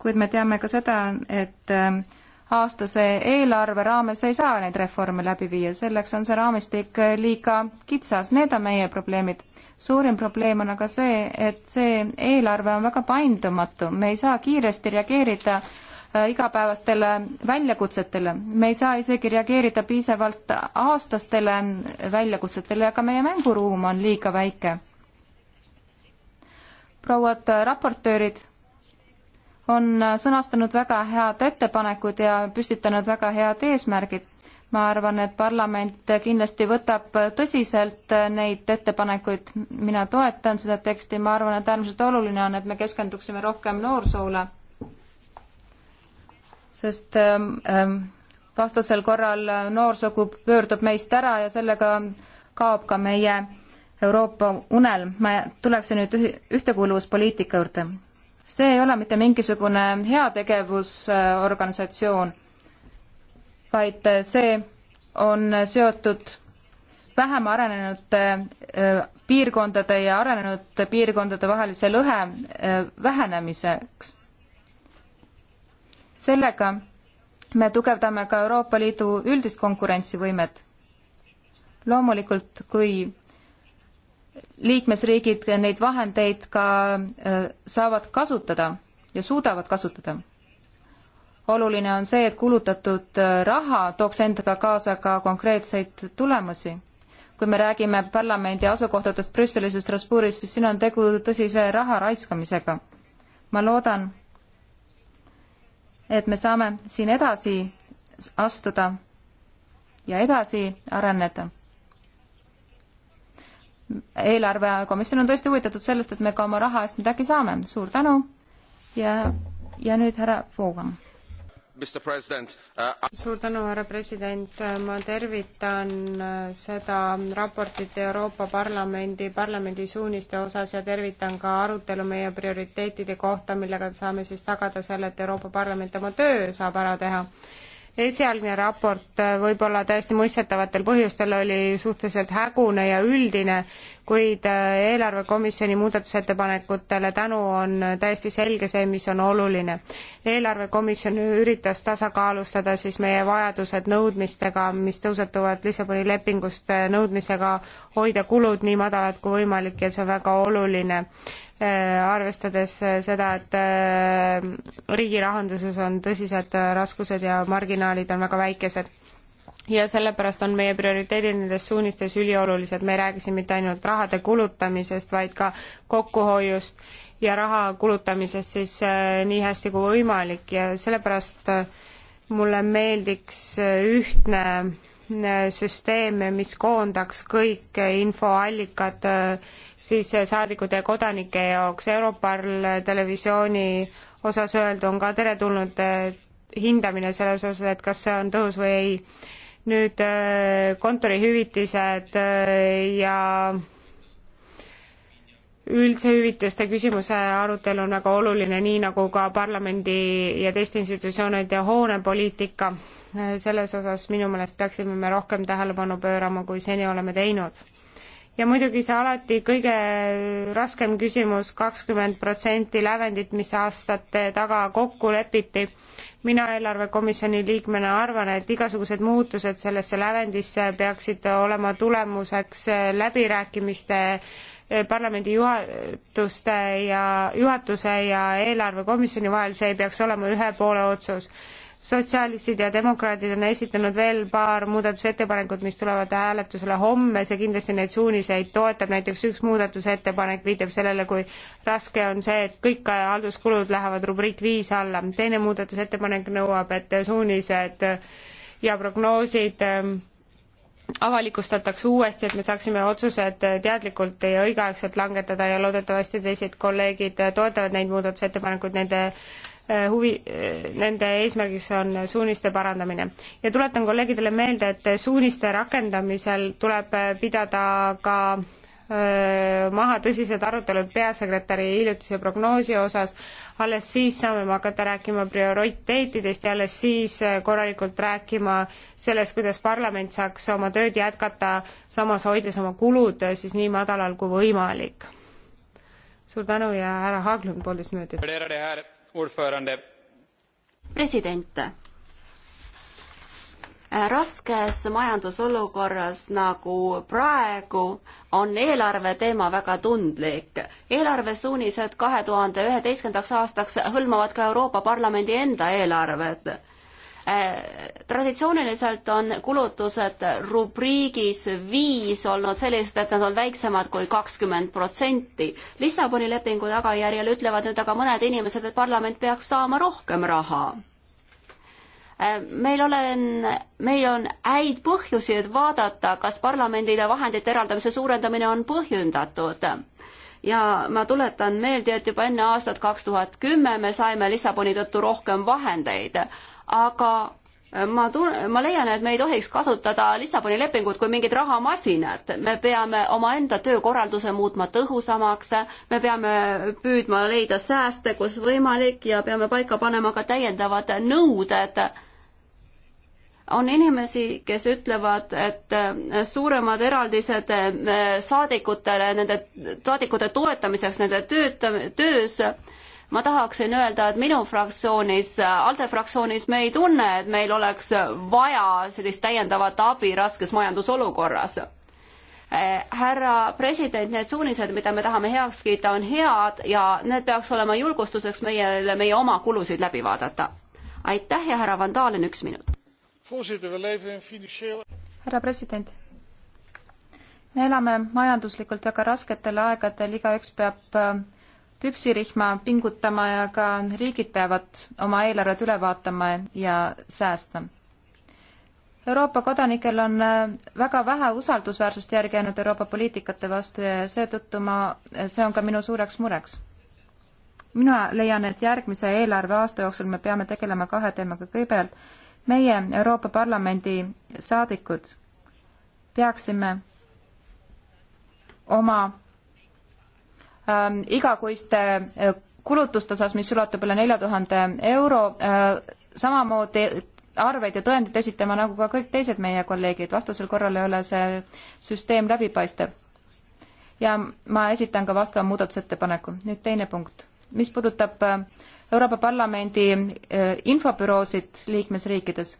B: kuid me teame ka seda, et äh, aastase eelarve raames ei saa neid reforme läbi viia, selleks on see raamistik äh, liiga kitsas, need on meie probleemid. suurim probleem on aga see, et see eelarve on väga paindumatu, me ei saa kiiresti reageerida äh, igapäevastele väljakutsetele, me ei saa isegi reageerida piisavalt aastastele väljakutsetele, aga meie mänguruum on liiga väike prouad äh, raportöörid on äh, sõnastanud väga head ettepanekud ja püstitanud väga head eesmärgid. ma arvan, et parlament kindlasti võtab tõsiselt äh, neid ettepanekuid, mina toetan seda teksti, ma arvan, et äärmiselt oluline on, et me keskenduksime rohkem noorsoole, sest ähm, ähm, vastasel korral noorsugu pöördub meist ära ja sellega kaob ka meie Euroopa unelm, ma tuleksin nüüd ühtekuuluvuspoliitika juurde. see ei ole mitte mingisugune heategevusorganisatsioon, vaid see on seotud vähem arenenud äh, piirkondade ja arenenud piirkondade vahelise lõhe äh, vähenemiseks. sellega me tugevdame ka Euroopa Liidu üldist konkurentsivõimet. loomulikult, kui liikmesriigid neid vahendeid ka äh, saavad kasutada ja suudavad kasutada. oluline on see, et kulutatud äh, raha tooks endaga kaasa ka konkreetseid tulemusi. kui me räägime parlamendi asukohtadest Brüsselis ja Strasbourgis, siis siin on tegu tõsise raha raiskamisega. ma loodan, et me saame siin edasi astuda ja edasi areneda eelarvekomisjon on tõesti huvitatud sellest, et me ka oma raha eest midagi saame. suur tänu
A: ja, ja nüüd härra Voogam.
B: Uh,
A: suur tänu, härra president, ma tervitan uh, seda raportit Euroopa Parlamendi, parlamendi suuniste osas ja tervitan ka arutelu meie prioriteetide kohta, millega saame siis tagada selle, et Euroopa Parlament oma töö saab ära teha esialgne raport äh, võib-olla täiesti mõistetavatel põhjustel oli suhteliselt hägune ja üldine, kuid äh, eelarvekomisjoni muudatusettepanekutele tänu on täiesti selge see, mis on oluline. eelarvekomisjon üritas tasakaalustada siis meie vajadused nõudmistega, mis tõusetuvad Lissaboni lepingust, äh, nõudmisega hoida kulud nii madalad kui võimalik ja see on väga oluline Äh, arvestades äh, seda, et äh, riigi rahanduses on tõsised raskused ja marginaalid on väga väikesed. ja sellepärast on meie prioriteedid nendes suunistes üliolulised, me ei räägi siin mitte ainult rahade kulutamisest, vaid ka kokkuhoiust ja raha kulutamisest siis nii hästi kui võimalik ja sellepärast mulle meeldiks ühtne süsteem, mis koondaks kõik infoallikad äh, siis saadikute ja kodanike jaoks. Europarl televisiooni osas öeldu on ka teretulnud äh, hindamine selles osas, et kas see on tõhus või ei. nüüd äh, kontorihüvitised ja üldse hüvitiste küsimuse arutelu on väga oluline, nii nagu ka parlamendi ja teiste institutsioonide hoonepoliitika. selles osas minu meelest peaksime me rohkem tähelepanu pöörama, kui seni oleme teinud. ja muidugi see alati kõige raskem küsimus, kakskümmend protsenti lävendit, mis aastate taga kokku lepiti. mina eelarvekomisjoni liikmena arvan, et igasugused muutused sellesse lävendisse peaksid olema tulemuseks läbirääkimiste Eh, parlamendi juhatuste ja, juhatuse ja eelarvekomisjoni vahel, see ei peaks olema ühe poole otsus. sotsialistid ja demokraadid on esitanud veel paar muudatusettepanekut, mis tulevad hääletusele homme, see kindlasti neid suuniseid toetab, näiteks üks muudatusettepanek viitab sellele, kui raske on see, et kõik halduskulud lähevad rubriik viis alla, teine muudatusettepanek nõuab, et suunised ja prognoosid äh, avalikustatakse uuesti, et me saaksime otsused äh, teadlikult ja õigeaegselt langetada ja loodetavasti teised kolleegid äh, toetavad neid muudatusettepanekuid, nende äh, huvi, nende eesmärgiks on suuniste parandamine. ja tuletan kolleegidele meelde, et suuniste rakendamisel tuleb pidada ka Äh, maha tõsised arutelud peasekretäri hiljutise prognoosi osas, alles siis saame me hakata rääkima prioriteetidest ja alles siis äh, korralikult rääkima sellest, kuidas parlament saaks oma tööd jätkata, samas hoides oma kulud äh, siis nii madalal kui võimalik. suur tänu ja härra Haaglund, poolteist minutit. president
C: Äh, raskes majandusolukorras nagu praegu on eelarve teema väga tundlik. eelarvesuunised kahe tuhande üheteistkümnendaks aastaks hõlmavad ka Euroopa Parlamendi enda eelarved. Äh, traditsiooniliselt on kulutused rubriigis viis olnud sellised, et nad on väiksemad kui kakskümmend protsenti. Lissaboni lepingu tagajärjel ütlevad nüüd aga mõned inimesed, et parlament peaks saama rohkem raha Äh, meil olen, meil on häid põhjusi, et vaadata, kas parlamendile vahendite eraldamise suurendamine on põhjendatud. ja ma tuletan meelde, et juba enne aastat kaks tuhat kümme me saime Lissaboni tõttu rohkem vahendeid, aga ma tun-, ma leian, et me ei tohiks kasutada Lissaboni lepingut kui mingit rahamasinat. me peame omaenda töökorralduse muutma tõhusamaks, me peame püüdma leida sääste, kus võimalik, ja peame paika panema ka täiendavad nõuded. on inimesi, kes ütlevad, et suuremad eraldised eh, saadikutele, nende saadikute toetamiseks nende tööta-, töös ma tahaksin öelda, et minu fraktsioonis, ALDE fraktsioonis me ei tunne, et meil oleks vaja sellist täiendavat abi raskes majandusolukorras. Eh, härra president, need suunised, mida me tahame heaks kiita, on head ja need peaks olema julgustuseks meile meie oma kulusid läbi vaadata. aitäh ja härra Vandalen, üks minut.
B: härra president me elame majanduslikult väga rasketel aegadel, igaüks peab eh, püksirihma pingutama ja ka riigid peavad oma eelarved üle vaatama ja säästma. Euroopa kodanikel on äh, väga vähe usaldusväärsust järgi jäänud Euroopa poliitikate vastu ja seetõttu ma, see on ka minu suureks mureks. mina leian, et järgmise eelarveaasta jooksul me peame tegelema kahe teemaga, kõigepealt meie Euroopa Parlamendi saadikud peaksime oma ähm, igakuiste äh, kulutuste osas, mis ulatub üle nelja tuhande euro äh,, samamoodi arveid ja tõendeid esitama, nagu ka kõik teised meie kolleegid, vastasel korral ei ole see süsteem läbipaistev. ja ma esitan ka vastava muudatusettepaneku. nüüd teine punkt, mis puudutab äh, Euroopa Parlamendi äh, infobüroosid liikmesriikides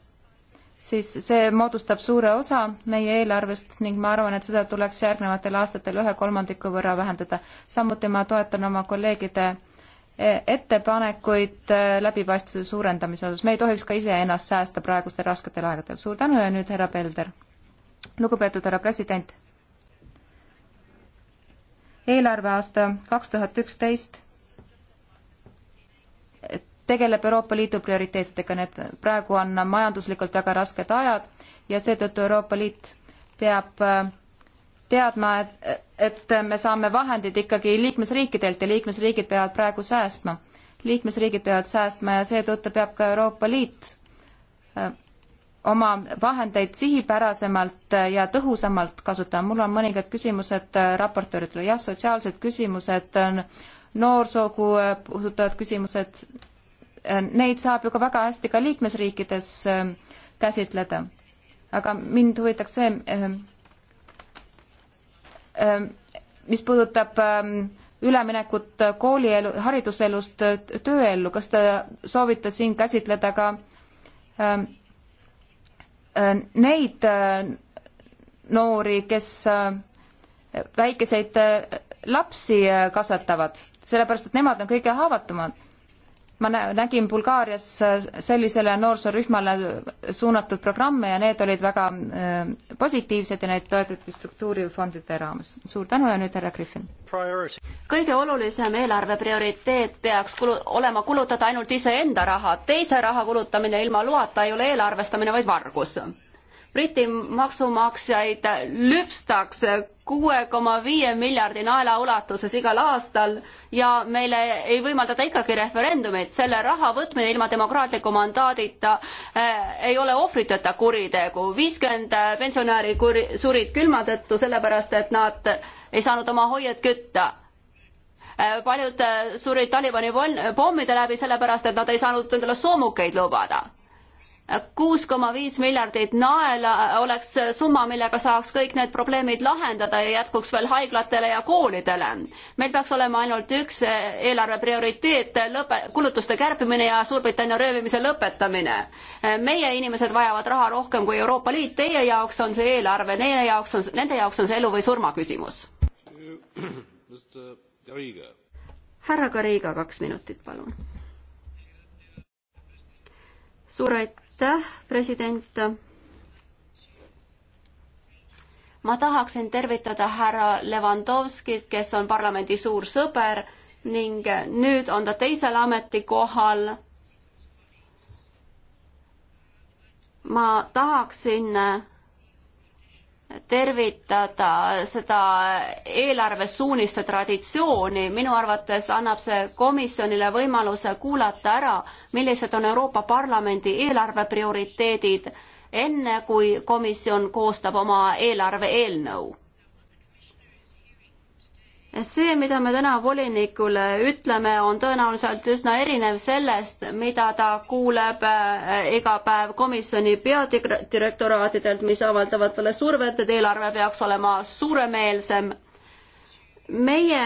B: siis see moodustab suure osa meie eelarvest ning ma arvan, et seda tuleks järgnevatel aastatel ühe kolmandiku võrra vähendada. samuti ma toetan oma kolleegide e, ettepanekuid e, läbipaistvuse suurendamise osas. me ei tohiks ka iseennast säästa praegustel rasketel aegadel. suur tänu ja nüüd härra Pelder. lugupeetud härra president. eelarveaasta kaks tuhat üksteist tegeleb Euroopa Liidu prioriteetidega, need praegu on majanduslikult väga rasked ajad ja seetõttu Euroopa Liit peab äh, teadma, et, et me saame vahendid ikkagi liikmesriikidelt ja liikmesriigid peavad praegu säästma. liikmesriigid peavad säästma ja seetõttu peab ka Euroopa Liit äh, oma vahendeid sihipärasemalt ja tõhusamalt kasutama. mul on mõningad küsimused äh, raportööridele, jah, sotsiaalsed küsimused, noorsoogu puudutavad küsimused Äh, neid saab ju ka väga hästi ka liikmesriikides äh, käsitleda. aga mind huvitaks see, äh, mis puudutab ähm, üleminekut koolielu, hariduselust tööellu, kas te soovite siin käsitleda ka ähm, neid noori, kes väikeseid lapsi kasvatavad, sellepärast et nemad on kõige haavatumad ma nägin Bulgaarias äh, sellisele noorsoorühmale suunatud programme ja need olid väga äh, positiivsed ja neid toetati struktuurifondide raames. suur tänu ja nüüd härra Griffin.
C: kõige olulisem eelarve prioriteet peaks kulu-, olema kulutada ainult iseenda raha, teise raha kulutamine ilma loata ei ole eelarvestamine, vaid vargus Briti maksumaksjaid lüpstakse kuue koma viie miljardi naela ulatuses igal aastal ja meile ei võimaldada ikkagi referendumeid. selle raha võtmine ilma demokraatliku mandaadita äh, ei ole ohvriteta kuritegu. viiskümmend pensionäri kuri, surid külma tõttu, sellepärast et nad ei saanud oma hoiet kütta äh, paljud surid Talibani pommide läbi, sellepärast et nad ei saanud endale soomukeid lubada kuus koma viis miljardit naela oleks summa, millega saaks kõik need probleemid lahendada ja jätkuks veel haiglatele ja koolidele. meil peaks olema ainult üks eelarve prioriteet, lõpe, kulutuste kärpimine ja Suurbritannia röövimise lõpetamine. meie inimesed vajavad raha rohkem kui Euroopa Liit, teie jaoks on see eelarve, neile jaoks on, nende jaoks on see elu või surma küsimus. härra Kariga kaks minutit, palun. suur aitäh aitäh, president. ma tahaksin tervitada härra Levandovskit, kes on parlamendi suur sõber ning nüüd on ta teisel ametikohal. ma tahaksin tervitada seda eelarvesuuniste traditsiooni, minu arvates annab see komisjonile võimaluse kuulata ära, millised on Euroopa Parlamendi eelarve prioriteedid, enne kui komisjon koostab oma eelarve eelnõu see, mida me täna volinikule ütleme, on tõenäoliselt üsna erinev sellest, mida ta kuuleb äh, iga päev komisjoni peadirektoraatidelt, mis avaldavad talle survet, et eelarve peaks olema suuremeelsem. meie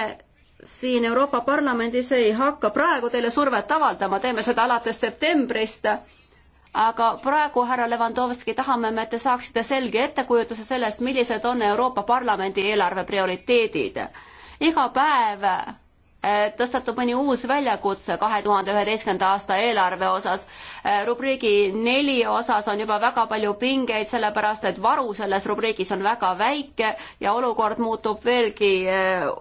C: siin Euroopa Parlamendis ei hakka praegu teile survet avaldama, teeme seda alates septembrist aga praegu, härra Levandovski, tahame me, et te saaksite selge ettekujutuse sellest, millised on Euroopa Parlamendi eelarve prioriteedid iga päev äh, tõstatub mõni uus väljakutse kahe tuhande üheteistkümnenda aasta eelarve osas. Äh, rubriigi neli osas on juba väga palju pingeid, sellepärast et varu selles rubriigis on väga väike ja olukord muutub veelgi äh,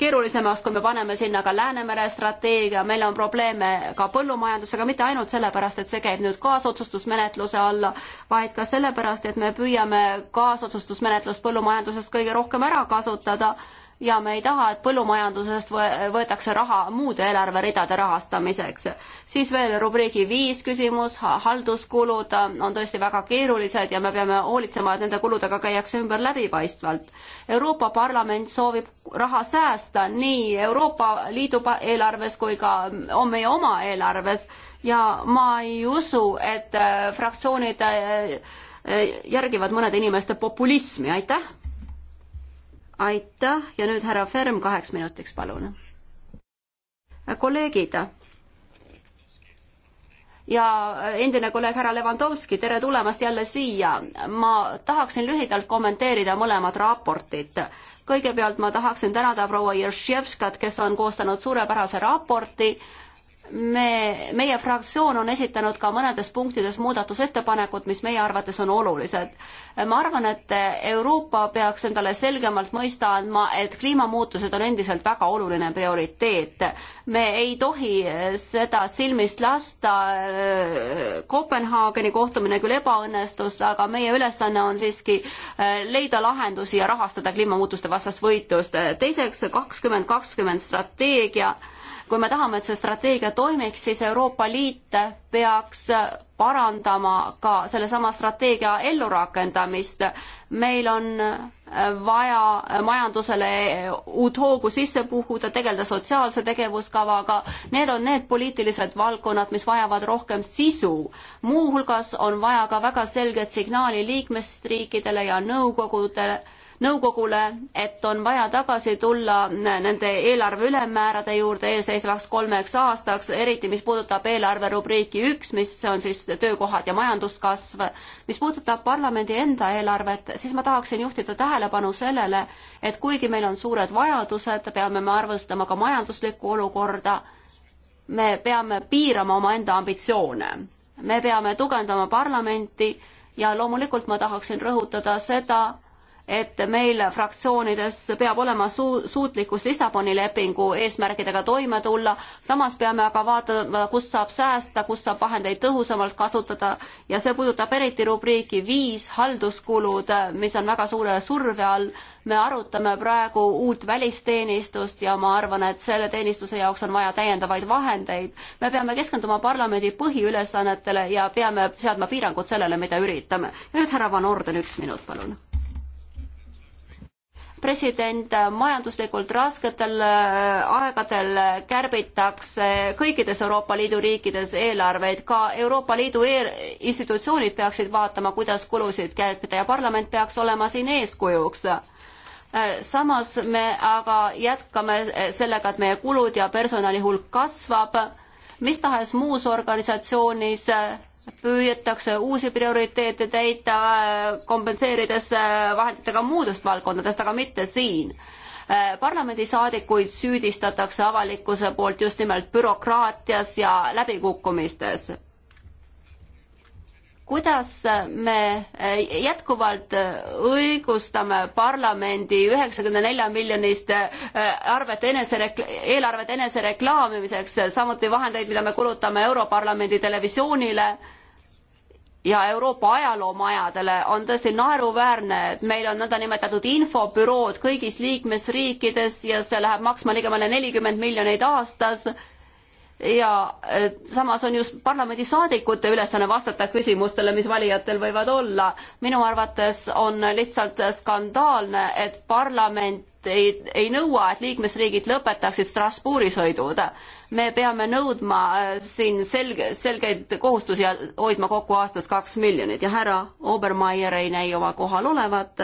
C: keerulisemaks, kui me paneme sinna ka Läänemere strateegia, meil on probleeme ka põllumajandusega, mitte ainult sellepärast, et see käib nüüd kaasotsustusmenetluse alla, vaid ka sellepärast, et me püüame kaasotsustusmenetlust põllumajanduses kõige rohkem ära kasutada ja me ei taha, et põllumajandusest võetakse raha muude eelarveridade rahastamiseks. siis veel rubriigi viis küsimus, halduskulud äh, on tõesti väga keerulised ja me peame hoolitsema, et nende kuludega käiakse ümber läbipaistvalt. Euroopa Parlament soovib raha säästa nii Euroopa Liidu eelarves kui ka mm, meie oma eelarves ja ma ei usu, et äh, fraktsioonid äh, järgivad mõnede inimeste populismi, aitäh aitäh ja nüüd härra Ferm kaheks minutiks, palun. kolleegid ja endine kolleeg härra Levanovski, tere tulemast jälle siia. ma tahaksin lühidalt kommenteerida mõlemat raportit. kõigepealt ma tahaksin tänada proua Jeršjevskat, kes on koostanud suurepärase raporti me, meie fraktsioon on esitanud ka mõnedes punktides muudatusettepanekud, mis meie arvates on olulised. ma arvan, et Euroopa peaks endale selgemalt mõista andma, et kliimamuutused on endiselt väga oluline prioriteet. me ei tohi seda silmist lasta, äh, Kopenhaageni kohtumine küll ebaõnnestus, aga meie ülesanne on siiski äh, leida lahendusi ja rahastada kliimamuutuste vastast võitlust. teiseks, kakskümmend kakskümmend strateegia kui me tahame, et see strateegia toimiks, siis Euroopa Liit peaks parandama ka sellesama strateegia ellurakendamist. meil on vaja majandusele uut hoogu sisse puhuda, tegeleda sotsiaalse tegevuskavaga, need on need poliitilised valdkonnad, mis vajavad rohkem sisu. muuhulgas on vaja ka väga selget signaali liikmesriikidele ja nõukogudele nõukogule, et on vaja tagasi tulla nende eelarve ülemmäärade juurde eelseisvaks kolmeks aastaks, eriti mis puudutab eelarverubriiki üks, mis on siis töökohad ja majanduskasv. mis puudutab parlamendi enda eelarvet, siis ma tahaksin juhtida tähelepanu sellele, et kuigi meil on suured vajadused, peame me arvestama ka majanduslikku olukorda, me peame piirama omaenda ambitsioone. me peame tugevdama parlamenti ja loomulikult ma tahaksin rõhutada seda, et meil fraktsioonides peab olema suu-, suutlikkus Lissaboni lepingu eesmärkidega toime tulla, samas peame aga vaatama, kust saab säästa, kust saab vahendeid tõhusamalt kasutada ja see puudutab eriti rubriiki viis, halduskulud, mis on väga suure surve all. me arutame praegu uut välisteenistust ja ma arvan, et selle teenistuse jaoks on vaja täiendavaid vahendeid. me peame keskenduma parlamendi põhiülesannetele ja peame seadma piirangud sellele, mida üritame. ja nüüd härra Van Orden, üks minut, palun president, äh, majanduslikult rasketel äh, aegadel äh, kärbitakse kõikides Euroopa Liidu riikides eelarveid, ka Euroopa Liidu eel institutsioonid peaksid vaatama, kuidas kulusid kärpida ja parlament peaks olema siin eeskujuks samas me aga jätkame sellega, et meie kulud ja personali hulk kasvab, mis tahes muus organisatsioonis püüetakse uusi prioriteete täita, kompenseerides äh, vahenditega muudest valdkondadest, aga mitte siin. Äh, parlamendisaadikuid süüdistatakse avalikkuse poolt just nimelt bürokraatias ja läbikukkumistes kuidas me eh, jätkuvalt eh, õigustame parlamendi üheksakümne nelja miljonist eh, arvet eneserek-, eelarvet enesereklaamimiseks, samuti vahendeid, mida me kulutame Europarlamendi televisioonile ja Euroopa ajaloomajadele on tõesti naeruväärne, et meil on nõndanimetatud infobürood kõigis liikmesriikides ja see läheb maksma ligemale nelikümmend miljoneid aastas ja samas on just parlamendisaadikute ülesanne vastata küsimustele, mis valijatel võivad olla. minu arvates on lihtsalt skandaalne, et parlament ei, ei nõua, et liikmesriigid lõpetaksid Strasbourgi sõidud. me peame nõudma äh, siin selge, selgeid kohustusi ja hoidma kokku aastas kaks miljonit ja härra Obermeier ei näi oma kohal olevat.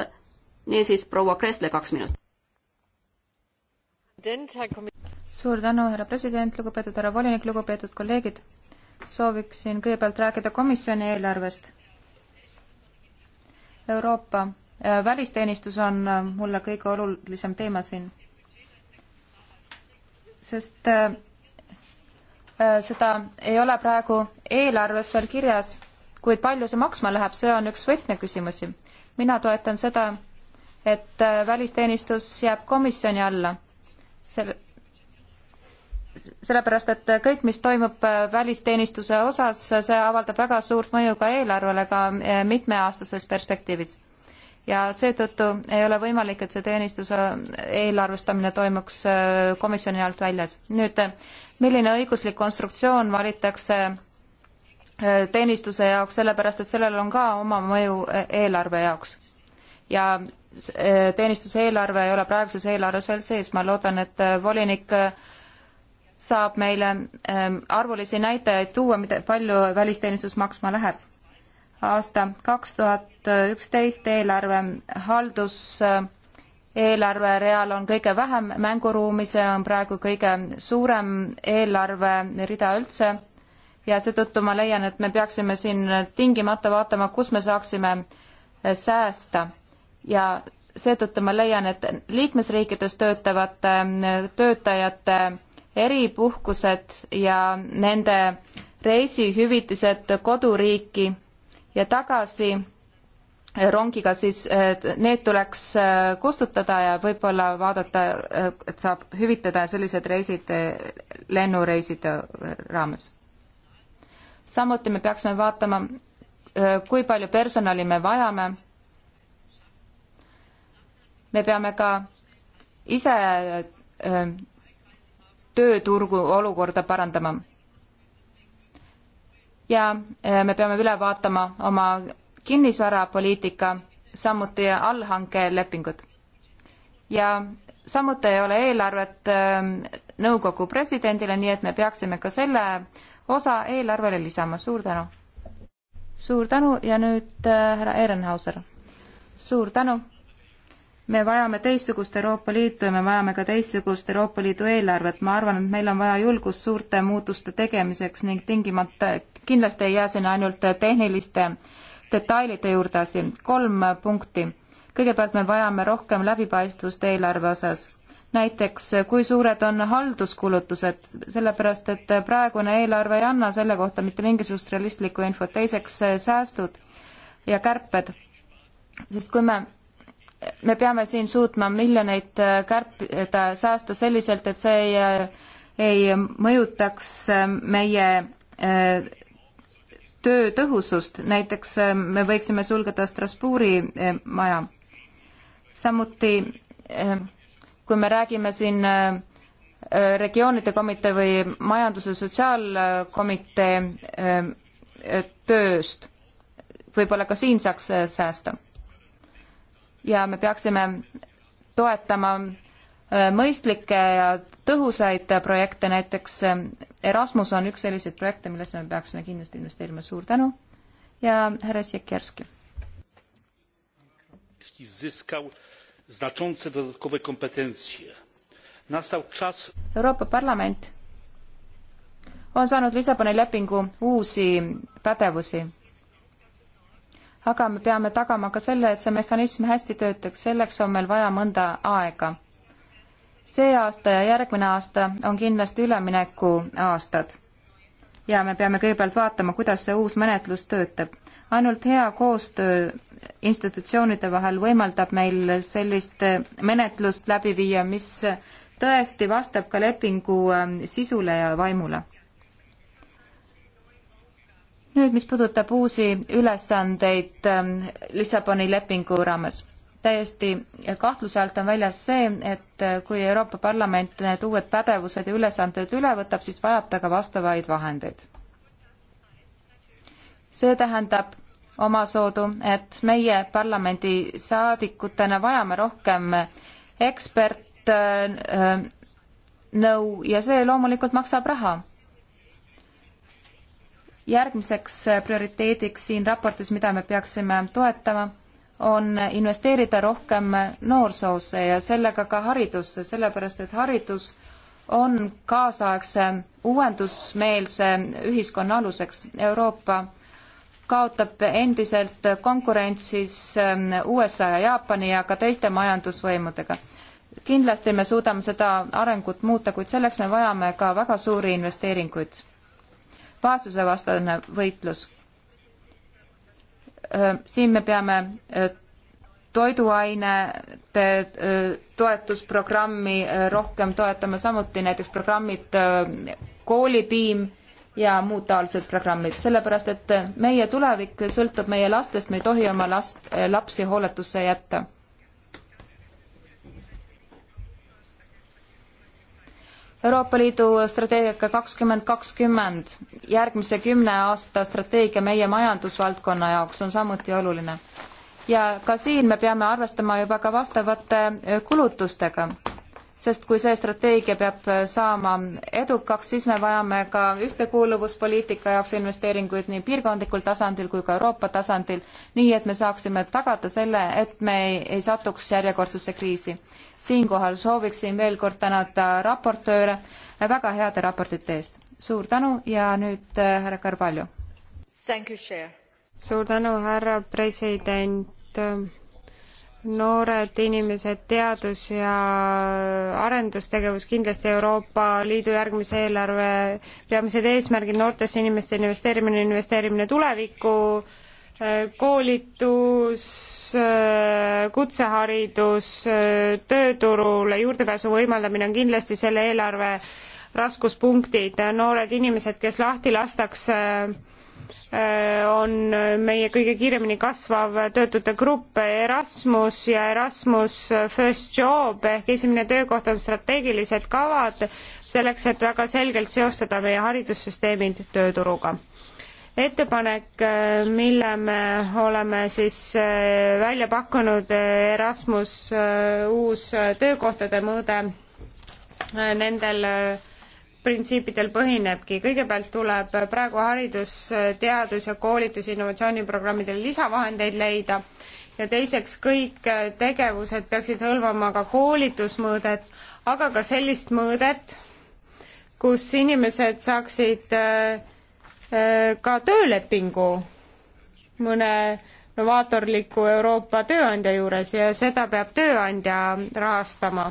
C: niisiis proua Kressle, kaks minutit
B: suur tänu, härra president, lugupeetud härra volinik, lugupeetud kolleegid. sooviksin kõigepealt rääkida komisjoni eelarvest. Euroopa äh, välisteenistus on äh, mulle kõige olulisem teema siin, sest äh, seda ei ole praegu eelarves veel kirjas, kuid palju see maksma läheb, see on üks võtmeküsimusi. mina toetan seda, et välisteenistus jääb komisjoni alla. selle, sellepärast, et kõik, mis toimub äh, välisteenistuse osas, see avaldab väga suurt mõju ka eelarvele ka äh, mitmeaastases perspektiivis. ja seetõttu ei ole võimalik, et see teenistuse eelarvestamine toimuks äh, komisjoni alt väljas. nüüd, milline õiguslik konstruktsioon valitakse teenistuse jaoks, sellepärast et sellel on ka oma mõju eelarve jaoks. ja teenistuse eelarve ei ole praeguses eelarves veel sees, ma loodan, et volinik äh, saab meile ähm, arvulisi näitajaid tuua, mida, palju välisteenistus maksma läheb. aasta kaks tuhat üksteist eelarve halduseelarve real on kõige vähem mänguruumi, see on praegu kõige suurem eelarverida üldse ja seetõttu ma leian, et me peaksime siin tingimata vaatama, kus me saaksime äh, säästa ja seetõttu ma leian, et liikmesriikides töötavate äh, töötajate eripuhkused ja nende reisihüvitised koduriiki ja tagasi rongiga, siis need tuleks äh, kustutada ja võib-olla vaadata, äh, et saab hüvitada sellised reisid äh, lennureiside raames. samuti me peaksime vaatama, kui palju personali me vajame. me peame ka ise tööturgu olukorda parandama. ja eh, me peame üle vaatama oma kinnisvarapoliitika, samuti allhankelepingud. ja samuti ei ole eelarvet eh, nõukogu presidendile, nii et me peaksime ka selle osa eelarvele lisama, suur tänu. suur tänu ja nüüd eh, härra Ehrenhauser. suur tänu me vajame teistsugust Euroopa Liitu ja me vajame ka teistsugust Euroopa Liidu eelarvet. ma arvan, et meil on vaja julgust suurte muutuste tegemiseks ning tingimata, kindlasti ei jää sinna ainult tehniliste detailide juurde asi. kolm punkti. kõigepealt me vajame rohkem läbipaistvust eelarve osas. näiteks, kui suured on halduskulutused, sellepärast et praegune eelarve ei anna selle kohta mitte mingisugust realistlikku infot. teiseks, säästud ja kärped. sest kui me me peame siin suutma miljoneid äh, kärpida, äh, säästa selliselt, et see ei, äh, ei mõjutaks meie töö tõhusust, näiteks me võiksime sulgeda Strasbourgi maja. samuti kui me räägime siin regioonide komitee või majanduse sotsiaalkomitee tööst, võib-olla ka siin saaks säästa ja me peaksime toetama äh, mõistlikke ja tõhusaid projekte, näiteks äh, Erasmus on üks selliseid projekte, millesse me peaksime kindlasti investeerima, suur tänu ja härra Siekierski. Euroopa Parlament on saanud Lissaboni lepingu uusi pädevusi aga me peame tagama ka selle, et see mehhanism hästi töötaks, selleks on meil vaja mõnda aega. see aasta ja järgmine aasta on kindlasti üleminekuaastad ja me peame kõigepealt vaatama, kuidas see uus menetlus töötab. ainult hea koostöö institutsioonide vahel võimaldab meil sellist menetlust läbi viia, mis tõesti vastab ka lepingu sisule ja vaimule nüüd, mis puudutab uusi ülesandeid ähm, Lissaboni lepingu raames, täiesti kahtluse alt on väljas see, et äh, kui Euroopa Parlament need uued pädevused ja ülesanded üle võtab, siis vajab ta ka vastavaid vahendeid. see tähendab omasoodu, et meie parlamendi saadikutena vajame rohkem ekspert, äh, äh, nõu ja see loomulikult maksab raha järgmiseks eh, prioriteediks siin raportis, mida me peaksime toetama, on investeerida rohkem noorsoosse ja sellega ka haridusse, sellepärast et haridus on kaasaegse uuendusmeelse ühiskonna aluseks. Euroopa kaotab endiselt konkurentsis ehm, USA ja Jaapani ja ka teiste majandusvõimudega. kindlasti me suudame seda arengut muuta, kuid selleks me vajame ka väga suuri investeeringuid vaesusevastane võitlus. siin me peame toiduainete toetusprogrammi rohkem toetama, samuti näiteks programmid Koolipiim ja muud taolised programmid, sellepärast et meie tulevik sõltub meie lastest, me ei tohi oma last, lapsi hooletusse jätta Euroopa Liidu strateegia kakskümmend kakskümmend, järgmise kümne aasta strateegia meie majandusvaldkonna jaoks on samuti oluline. ja ka siin me peame arvestama juba ka vastavate kulutustega sest kui see strateegia peab äh, saama edukaks, siis me vajame ka ühtekuuluvuspoliitika jaoks investeeringuid nii piirkondlikul tasandil kui ka Euroopa tasandil, nii et me saaksime tagada selle, et me ei, ei satuks järjekordsesse kriisi. siinkohal sooviksin veel kord tänada raportööre väga heade raportite eest. suur tänu ja
A: nüüd äh, härra Carvalho. suur tänu, härra president noored inimesed, teadus ja arendustegevus kindlasti Euroopa Liidu järgmise eelarve peamised eesmärgid, noortesse inimeste investeerimine, investeerimine tulevikku, koolitus, kutseharidus, tööturule juurdepääsu võimaldamine on kindlasti selle eelarve raskuspunktid, noored inimesed, kes lahti lastakse äh, Äh, on meie kõige kiiremini kasvav töötute grupp Erasmus ja Erasmus First Job ehk esimene töökoht on strateegilised kavad selleks, et väga selgelt seostada meie haridussüsteemid tööturuga. ettepanek, äh, mille me oleme siis äh, välja pakkunud, Erasmus uus töökohtade mõõde nendel printsiipidel põhinebki, kõigepealt tuleb praegu haridus, teadus ja koolitus innovatsiooniprogrammidele lisavahendeid leida ja teiseks kõik tegevused peaksid hõlmama ka koolitusmõõdet, aga ka sellist mõõdet, kus inimesed saaksid äh, äh, ka töölepingu mõne novaatorliku Euroopa tööandja juures ja seda peab tööandja rahastama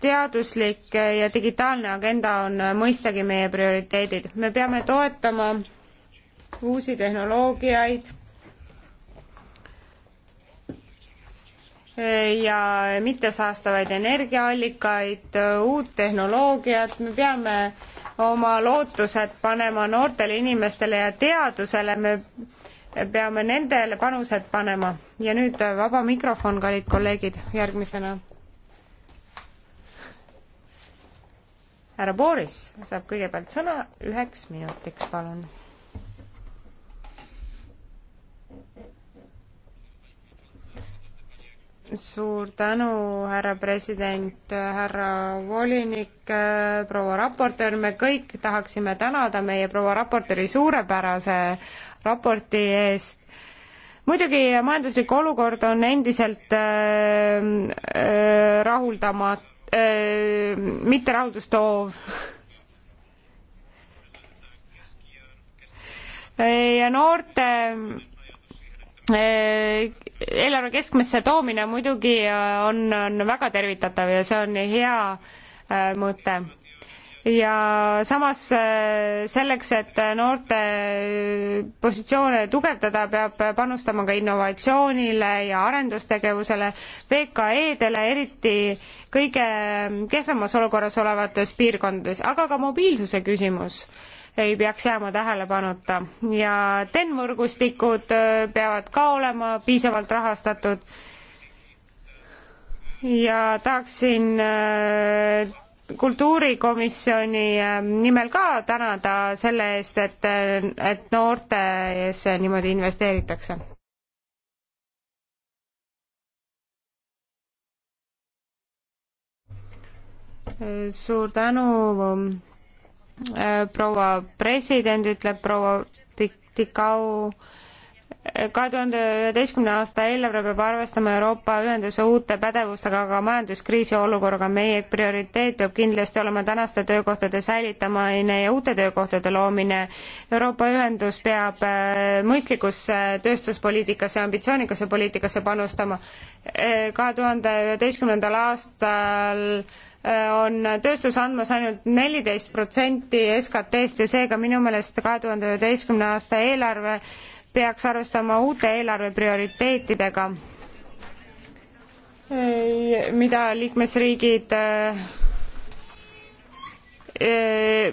A: teaduslik ja digitaalne agenda on mõistagi meie prioriteedid. me peame toetama uusi tehnoloogiaid ja mittesaastavaid energiaallikaid, uut tehnoloogiat, me peame oma lootused panema noortele inimestele ja teadusele, me peame nendele panused panema. ja nüüd vaba mikrofon, kallid kolleegid, järgmisena härra Boris saab kõigepealt sõna üheks minutiks, palun. suur tänu, härra president, härra volinik, proua raportöör, me kõik tahaksime tänada meie proua raportööri suurepärase raporti eest muidugi majanduslik olukord on endiselt äh, äh, rahuldamatu Äh, mitte rahuldust toov. ja noorte äh, eelarve keskmesse toomine muidugi on, on väga tervitatav ja see on hea äh, mõte ja samas äh, selleks, et noorte äh, positsioone tugevdada, peab panustama ka innovatsioonile ja arendustegevusele, VKE-dele, eriti kõige kehvemas olukorras olevates piirkondades, aga ka mobiilsuse küsimus ei peaks jääma tähelepanuta ja TEN võrgustikud äh, peavad ka olema piisavalt rahastatud ja tahaksin kultuurikomisjoni ähm, nimel ka tänada selle eest, et, et noortesse niimoodi investeeritakse. suur tänu, ähm, proua president, ütleb proua Tikau kahe tuhande üheteistkümne aasta eelarve peab arvestama Euroopa Ühenduse uute pädevustega, aga majanduskriisi olukorraga meie prioriteet peab kindlasti olema tänaste töökohtade säilitamine ja uute töökohtade loomine. Euroopa Ühendus peab äh, mõistlikusse tööstuspoliitikasse, ambitsioonikasse poliitikasse panustama. Äh, kahe tuhande üheteistkümnendal aastal äh, on tööstus andmas ainult neliteist protsenti SKT-st ja seega minu meelest kahe tuhande üheteistkümne aasta eelarve peaks arvestama uute eelarve prioriteetidega, eh, mida liikmesriigid eh, eh,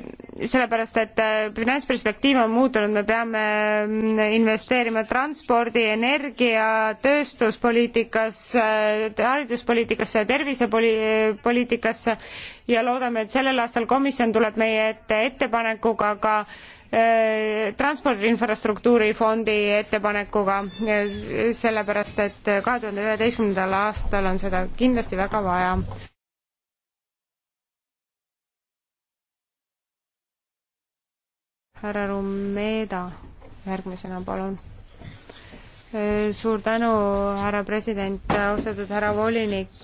A: sellepärast, et finantsperspektiiv on muutunud, me peame mm, investeerima transpordi, energia, tööstuspoliitikasse, hariduspoliitikasse ja tervisepoliitikasse ja loodame, et sellel aastal komisjon tuleb meie ette ettepanekuga ka, ka Äh, transpordiinfrastruktuuri fondi ettepanekuga, äh, sellepärast et kahe tuhande üheteistkümnendal aastal on seda kindlasti väga vaja. härra Rumeda järgmisena, palun. Äh, suur tänu, härra president, austatud härra volinik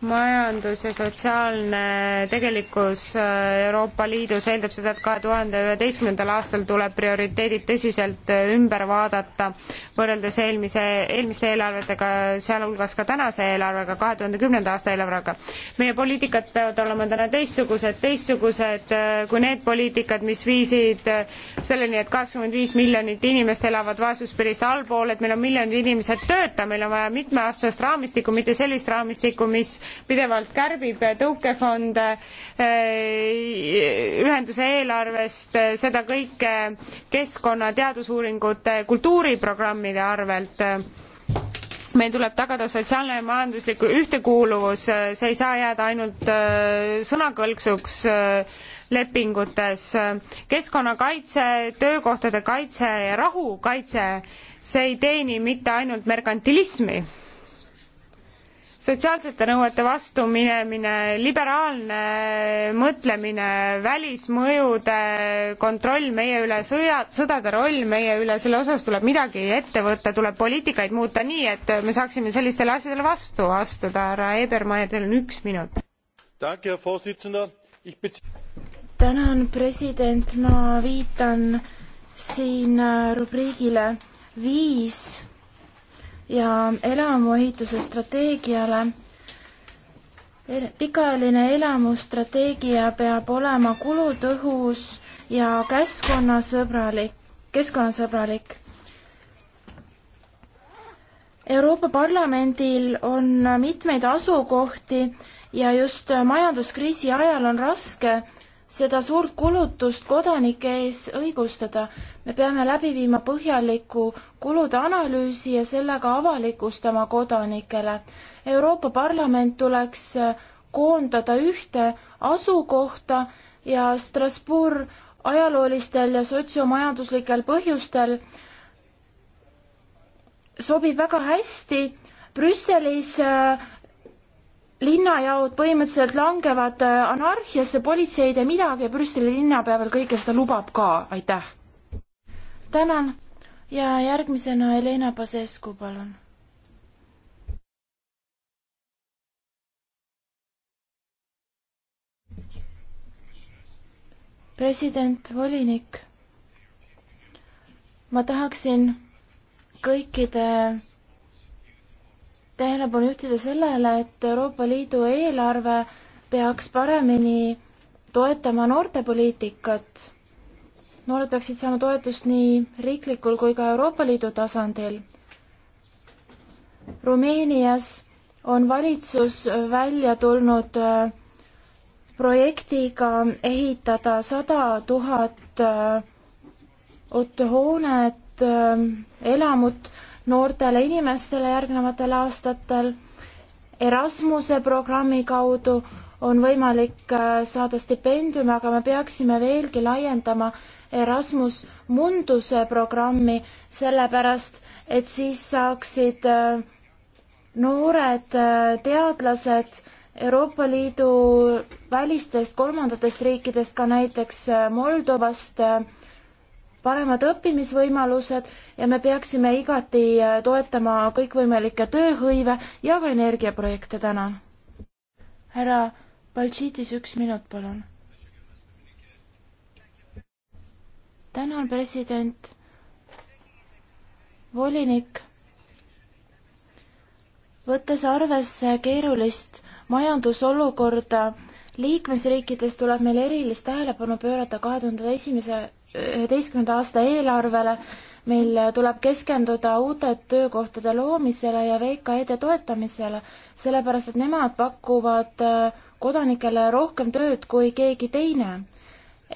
A: majandus ja sotsiaalne tegelikkus äh, Euroopa Liidus eeldab seda, et kahe tuhande üheteistkümnendal aastal tuleb prioriteedid tõsiselt äh, ümber vaadata võrreldes eelmise, eelmiste eelarvetega, sealhulgas ka tänase eelarvega, kahe tuhande kümnenda aasta eelarvega. meie poliitikad peavad olema täna teistsugused, teistsugused äh, kui need poliitikad, mis viisid selleni, et kaheksakümmend viis miljonit inimest elavad vaesuspiirist allpool, et meil on miljonid inimesed tööta, meil on vaja mitmeaastast raamistikku, mitte sellist raamistikku, mis pidevalt kärbib tõukefonde eh, ühenduse eelarvest, eh, seda kõike keskkonna, teadusuuringute, kultuuriprogrammide arvelt meil tuleb tagada sotsiaalne ja majanduslik ühtekuuluvus, see ei saa jääda ainult eh, sõnakõlksuks lepingutes. keskkonnakaitse, töökohtade kaitse ja rahu kaitse, see ei teeni mitte ainult merkantilismi sotsiaalsete nõuete vastuminemine, liberaalne mõtlemine, välismõjude kontroll meie üle, sõjad, sõdade roll meie üle, selle osas tuleb midagi ette võtta, tuleb poliitikaid muuta nii, et me saaksime sellistele asjadele vastu astuda. härra Ebermaier, teil on üks minut.
D: tänan, president, ma viitan siin äh, rubriigile viis ja elamuehituse strateegiale. pikaajaline elamustrateegia peab olema kulutõhus ja keskkonnasõbralik, keskkonnasõbralik. Euroopa Parlamendil on mitmeid asukohti ja just majanduskriisi ajal on raske seda suurt kulutust kodanike ees õigustada me peame läbi viima põhjaliku kulude analüüsi ja sellega avalikustama kodanikele. Euroopa Parlament tuleks äh, koondada ühte asukohta ja Strasbourg ajaloolistel ja sotsiomajanduslikel põhjustel sobib väga hästi. Brüsselis äh, linnajaod põhimõtteliselt langevad äh, anarhiasse, politsei ei tee midagi ja Brüsseli linnapea veel kõike seda lubab ka, aitäh tänan ja järgmisena Helena Pasescu, palun. president, volinik, ma tahaksin kõikide tähelepanu juhtida sellele, et Euroopa Liidu eelarve peaks paremini toetama noortepoliitikat noored peaksid saama toetust nii riiklikul kui ka Euroopa Liidu tasandil. Rumeenias on valitsus välja tulnud äh, projektiga ehitada sada tuhat äh, hoonet, äh, elamut noortele inimestele järgnevatel aastatel. Erasmuse programmi kaudu on võimalik saada stipendiume, aga me peaksime veelgi laiendama Erasmus Munduse programmi, sellepärast et siis saaksid äh, noored äh, teadlased Euroopa Liidu välistest kolmandatest riikidest, ka näiteks äh, Moldovast, paremad õppimisvõimalused ja me peaksime igati toetama kõikvõimalikke tööhõive ja ka energiaprojekte, tänan. härra Baltšiitis, üks minut, palun tänan, president. volinik. võttes arvesse keerulist majandusolukorda, liikmesriikides tuleb meil erilist tähelepanu pöörata kahe tuhande esimese, üheteistkümnenda aasta eelarvele, meil tuleb keskenduda uute töökohtade loomisele ja VKE-de toetamisele, sellepärast et nemad pakuvad äh, kodanikele rohkem tööd kui keegi teine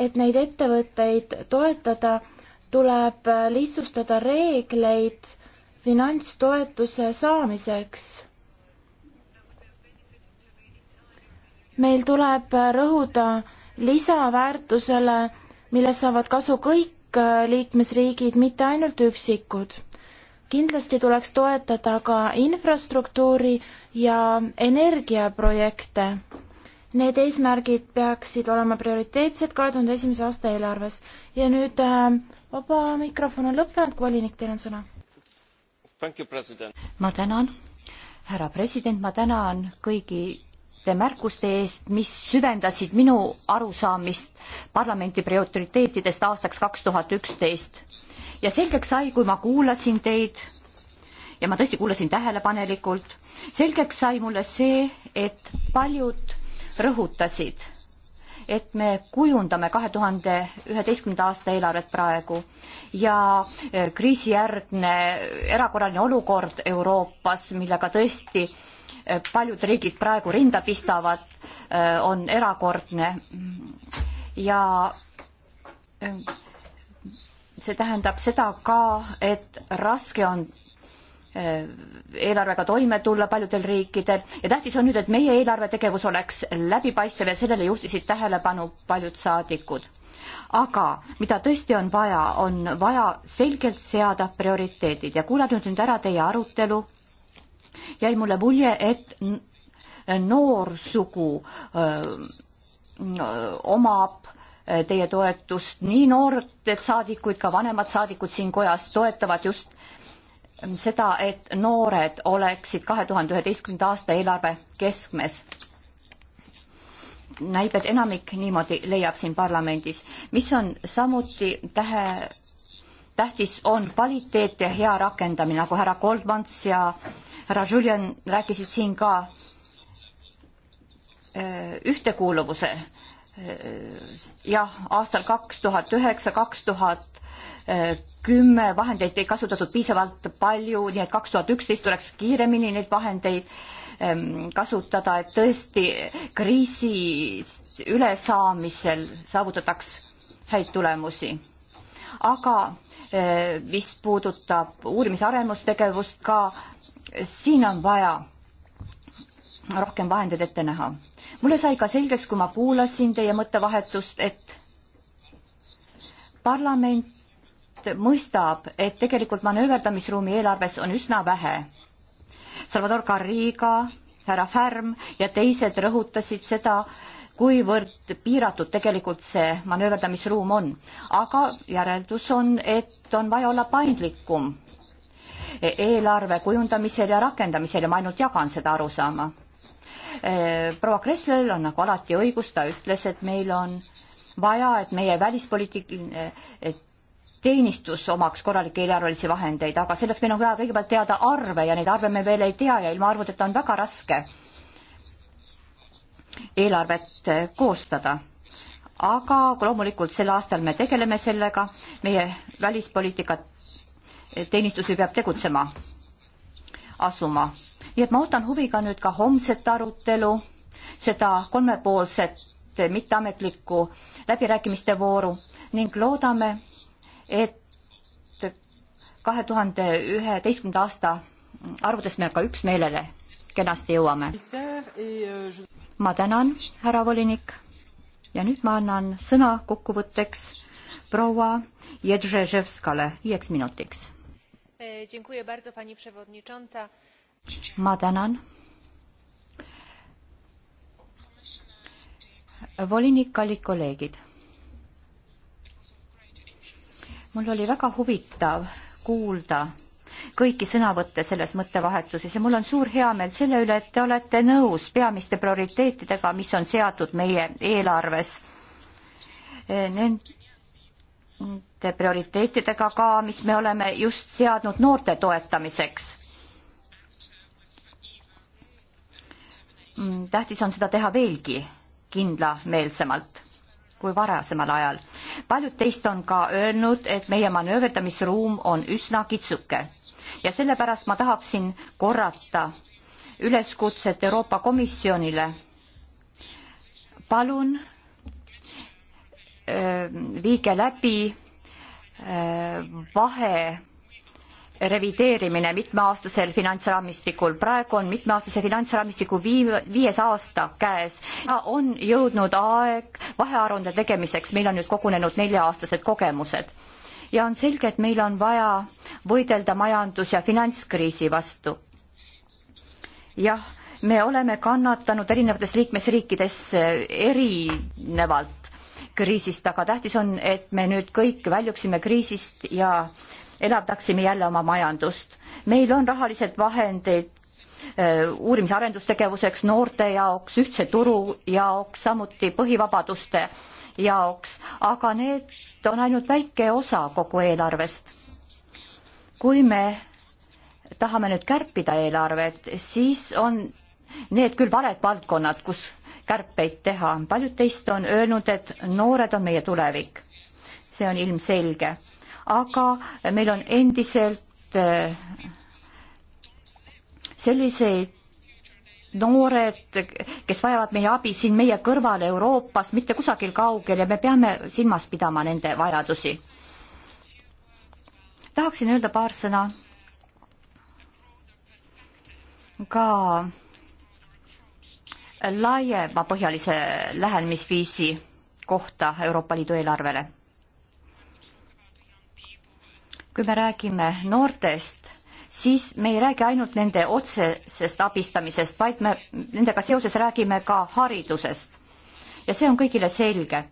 D: et neid ettevõtteid toetada, tuleb lihtsustada reegleid finantstoetuse saamiseks. meil tuleb rõhuda lisaväärtusele, millest saavad kasu kõik liikmesriigid, mitte ainult üksikud. kindlasti tuleks toetada ka infrastruktuuri ja energiaprojekte Need eesmärgid peaksid olema prioriteetsed kahe tuhande esimese aasta eelarves. ja nüüd äh, vaba mikrofon on lõppenud, kui volinik, teil on sõna.
E: ma tänan, härra president, ma tänan kõigi te märkuste eest, mis süvendasid minu arusaamist parlamendi prioriteetidest aastaks kaks tuhat üksteist. ja selgeks sai, kui ma kuulasin teid ja ma tõesti kuulasin tähelepanelikult, selgeks sai mulle see, et paljud rõhutasid, et me kujundame kahe tuhande üheteistkümnenda aasta eelarvet praegu ja e, kriisijärgne erakorraline olukord Euroopas, millega tõesti e, paljud riigid praegu rinda pistavad, e, on erakordne ja see tähendab seda ka, et raske on eelarvega toime tulla paljudel riikidel ja tähtis on nüüd, et meie eelarvetegevus oleks läbipaistev ja sellele juhtisid tähelepanu paljud saadikud. aga mida tõesti on vaja, on vaja selgelt seada prioriteedid ja kuulanud nüüd ära teie arutelu, jäi mulle mulje, et noorsugu öö, äh, omab äh, teie toetust, nii noored saadikud, ka vanemad saadikud siin kojas toetavad just seda, et noored oleksid kahe tuhande üheteistkümnenda aasta eelarve keskmes. näib, et enamik niimoodi leiab siin parlamendis, mis on samuti tähe, tähtis, on kvaliteet ja hea rakendamine, nagu härra Goldmans ja härra Julian rääkisid siin ka äh, ühtekuuluvuse jah, aastal kaks tuhat üheksa, kaks tuhat kümme vahendeid ei kasutatud piisavalt palju, nii et kaks tuhat üksteist tuleks kiiremini neid vahendeid ehm, kasutada, et tõesti kriisist ülesaamisel saavutataks häid tulemusi. aga eh, mis puudutab uurimis- ja arendustegevust ka, siin on vaja rohkem vahendeid ette näha. mulle sai ka selgeks, kui ma kuulasin teie mõttevahetust, et parlament mõistab, et tegelikult manööverdamisruumi eelarves on üsna vähe. Salvador Carriga, härra Färm ja teised rõhutasid seda, kuivõrd piiratud tegelikult see manööverdamisruum on. aga järeldus on, et on vaja olla paindlikum eelarve kujundamisel ja rakendamisel ja ma ainult jagan seda arusaama. Eh, proua Kresslel on nagu alati õigus, ta ütles, et meil on vaja, et meie välispoliitiline eh, teenistus omaks korralikke eelarvelisi vahendeid, aga selleks meil on vaja kõigepealt teada arve ja neid arve me veel ei tea ja ilma arvudeta on väga raske eelarvet eh, koostada. aga loomulikult sel aastal me tegeleme sellega, meie välispoliitika teenistus ju peab tegutsema asuma. nii et ma ootan huviga nüüd ka homset arutelu, seda kolmepoolset mitteametlikku läbirääkimiste vooru ning loodame, et kahe tuhande üheteistkümnenda aasta arvudes me ka üksmeelele kenasti jõuame. ma tänan, härra volinik ja nüüd ma annan sõna kokkuvõtteks proua Jedžeževskale viieks minutiks E, ma tänan. volinik, kallid kolleegid. mul oli väga huvitav kuulda kõiki sõnavõtte selles mõttevahetuses ja mul on suur heameel selle üle, et te olete nõus peamiste prioriteetidega, mis on seatud meie eelarves. E, nend-, nende prioriteetidega ka, mis me oleme just seadnud noorte toetamiseks. Mm, tähtis on seda teha veelgi kindlameelsemalt kui varasemal ajal. paljud teist on ka öelnud, et meie manööverdamisruum on üsna kitsuke ja sellepärast ma tahaksin korrata üleskutset Euroopa Komisjonile. palun viige läbi Äh, vahe revideerimine mitmeaastasel finantsraamistikul. praegu on mitmeaastase finantsraamistiku vii-, viies aasta käes ja on jõudnud aeg vahearuande tegemiseks, meil on nüüd kogunenud nelja-aastased kogemused. ja on selge, et meil on vaja võidelda majandus- ja finantskriisi vastu. jah, me oleme kannatanud erinevates liikmesriikides äh, erinevalt kriisist, aga tähtis on, et me nüüd kõik väljuksime kriisist ja elavdaksime jälle oma majandust. meil on rahalised vahendid äh, uurimise arendustegevuseks, noorte jaoks, ühtse turu jaoks, samuti põhivabaduste jaoks, aga need on ainult väike osa kogu eelarvest. kui me tahame nüüd kärpida eelarvet, siis on need küll valed valdkonnad, kus kärpeid teha. paljud teist on öelnud, et noored on meie tulevik. see on ilmselge. aga meil on endiselt äh, selliseid noored, kes vajavad meie abi siin meie kõrval Euroopas, mitte kusagil kaugel ja me peame silmas pidama nende vajadusi. tahaksin öelda paar sõna ka laiemapõhjalise lähenemisviisi kohta Euroopa Liidu eelarvele. kui me räägime noortest, siis me ei räägi ainult nende otsesest abistamisest, vaid me nendega seoses räägime ka haridusest. ja see on kõigile selge.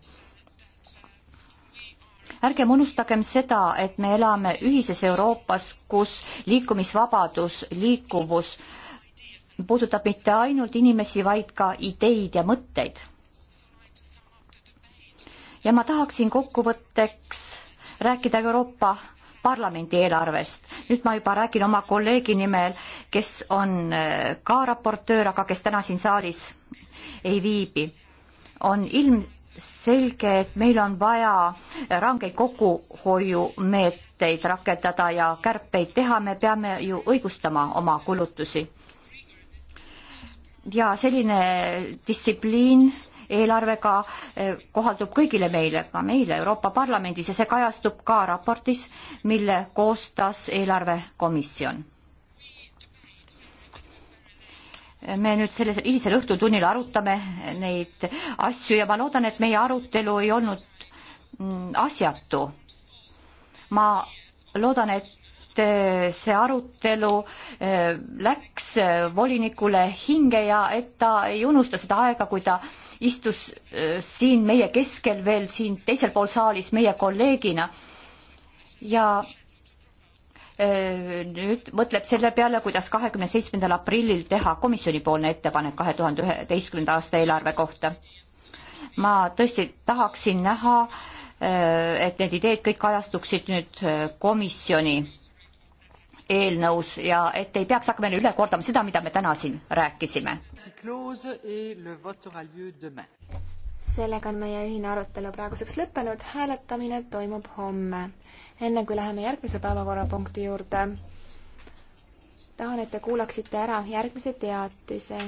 E: ärgem unustagem seda, et me elame ühises Euroopas, kus liikumisvabadus, liikuvus äh, puudutab mitte ainult inimesi, vaid ka ideid ja mõtteid. ja ma tahaksin kokkuvõtteks rääkida Euroopa Parlamendi eelarvest. nüüd ma juba räägin oma kolleegi nimel, kes on äh, ka raportöör, aga kes täna siin saalis ei viibi. on ilmselge, et meil on vaja rangeid kokkuhoiumeetmeid rakendada ja kärpeid teha, me peame ju õigustama oma kulutusi ja selline distsipliin eelarvega eh, kohaldub kõigile meile, ka meile Euroopa Parlamendis ja see kajastub ka raportis, mille koostas eelarvekomisjon. me nüüd sellisel hilisel õhtutunnil arutame neid asju ja ma loodan, et meie arutelu ei olnud mm, asjatu. ma loodan, et Eh, see arutelu eh, läks eh, volinikule hinge ja et ta ei unusta seda aega, kui ta istus siin meie keskel veel siin teisel pool saalis meie kolleegina. ja nüüd mõtleb selle peale, kuidas kahekümne seitsmendal aprillil teha komisjonipoolne ettepanek kahe tuhande üheteistkümnenda aasta eelarve kohta. ma tõesti tahaksin näha, et need ideed kõik kajastuksid nüüd komisjoni eelnõus ja et ei peaks hakkama üle kordama seda, mida me täna siin rääkisime.
D: sellega on meie ühine arutelu praeguseks lõppenud, hääletamine toimub homme. enne kui läheme järgmise päevakorrapunkti juurde, tahan, et te kuulaksite ära järgmise teatise.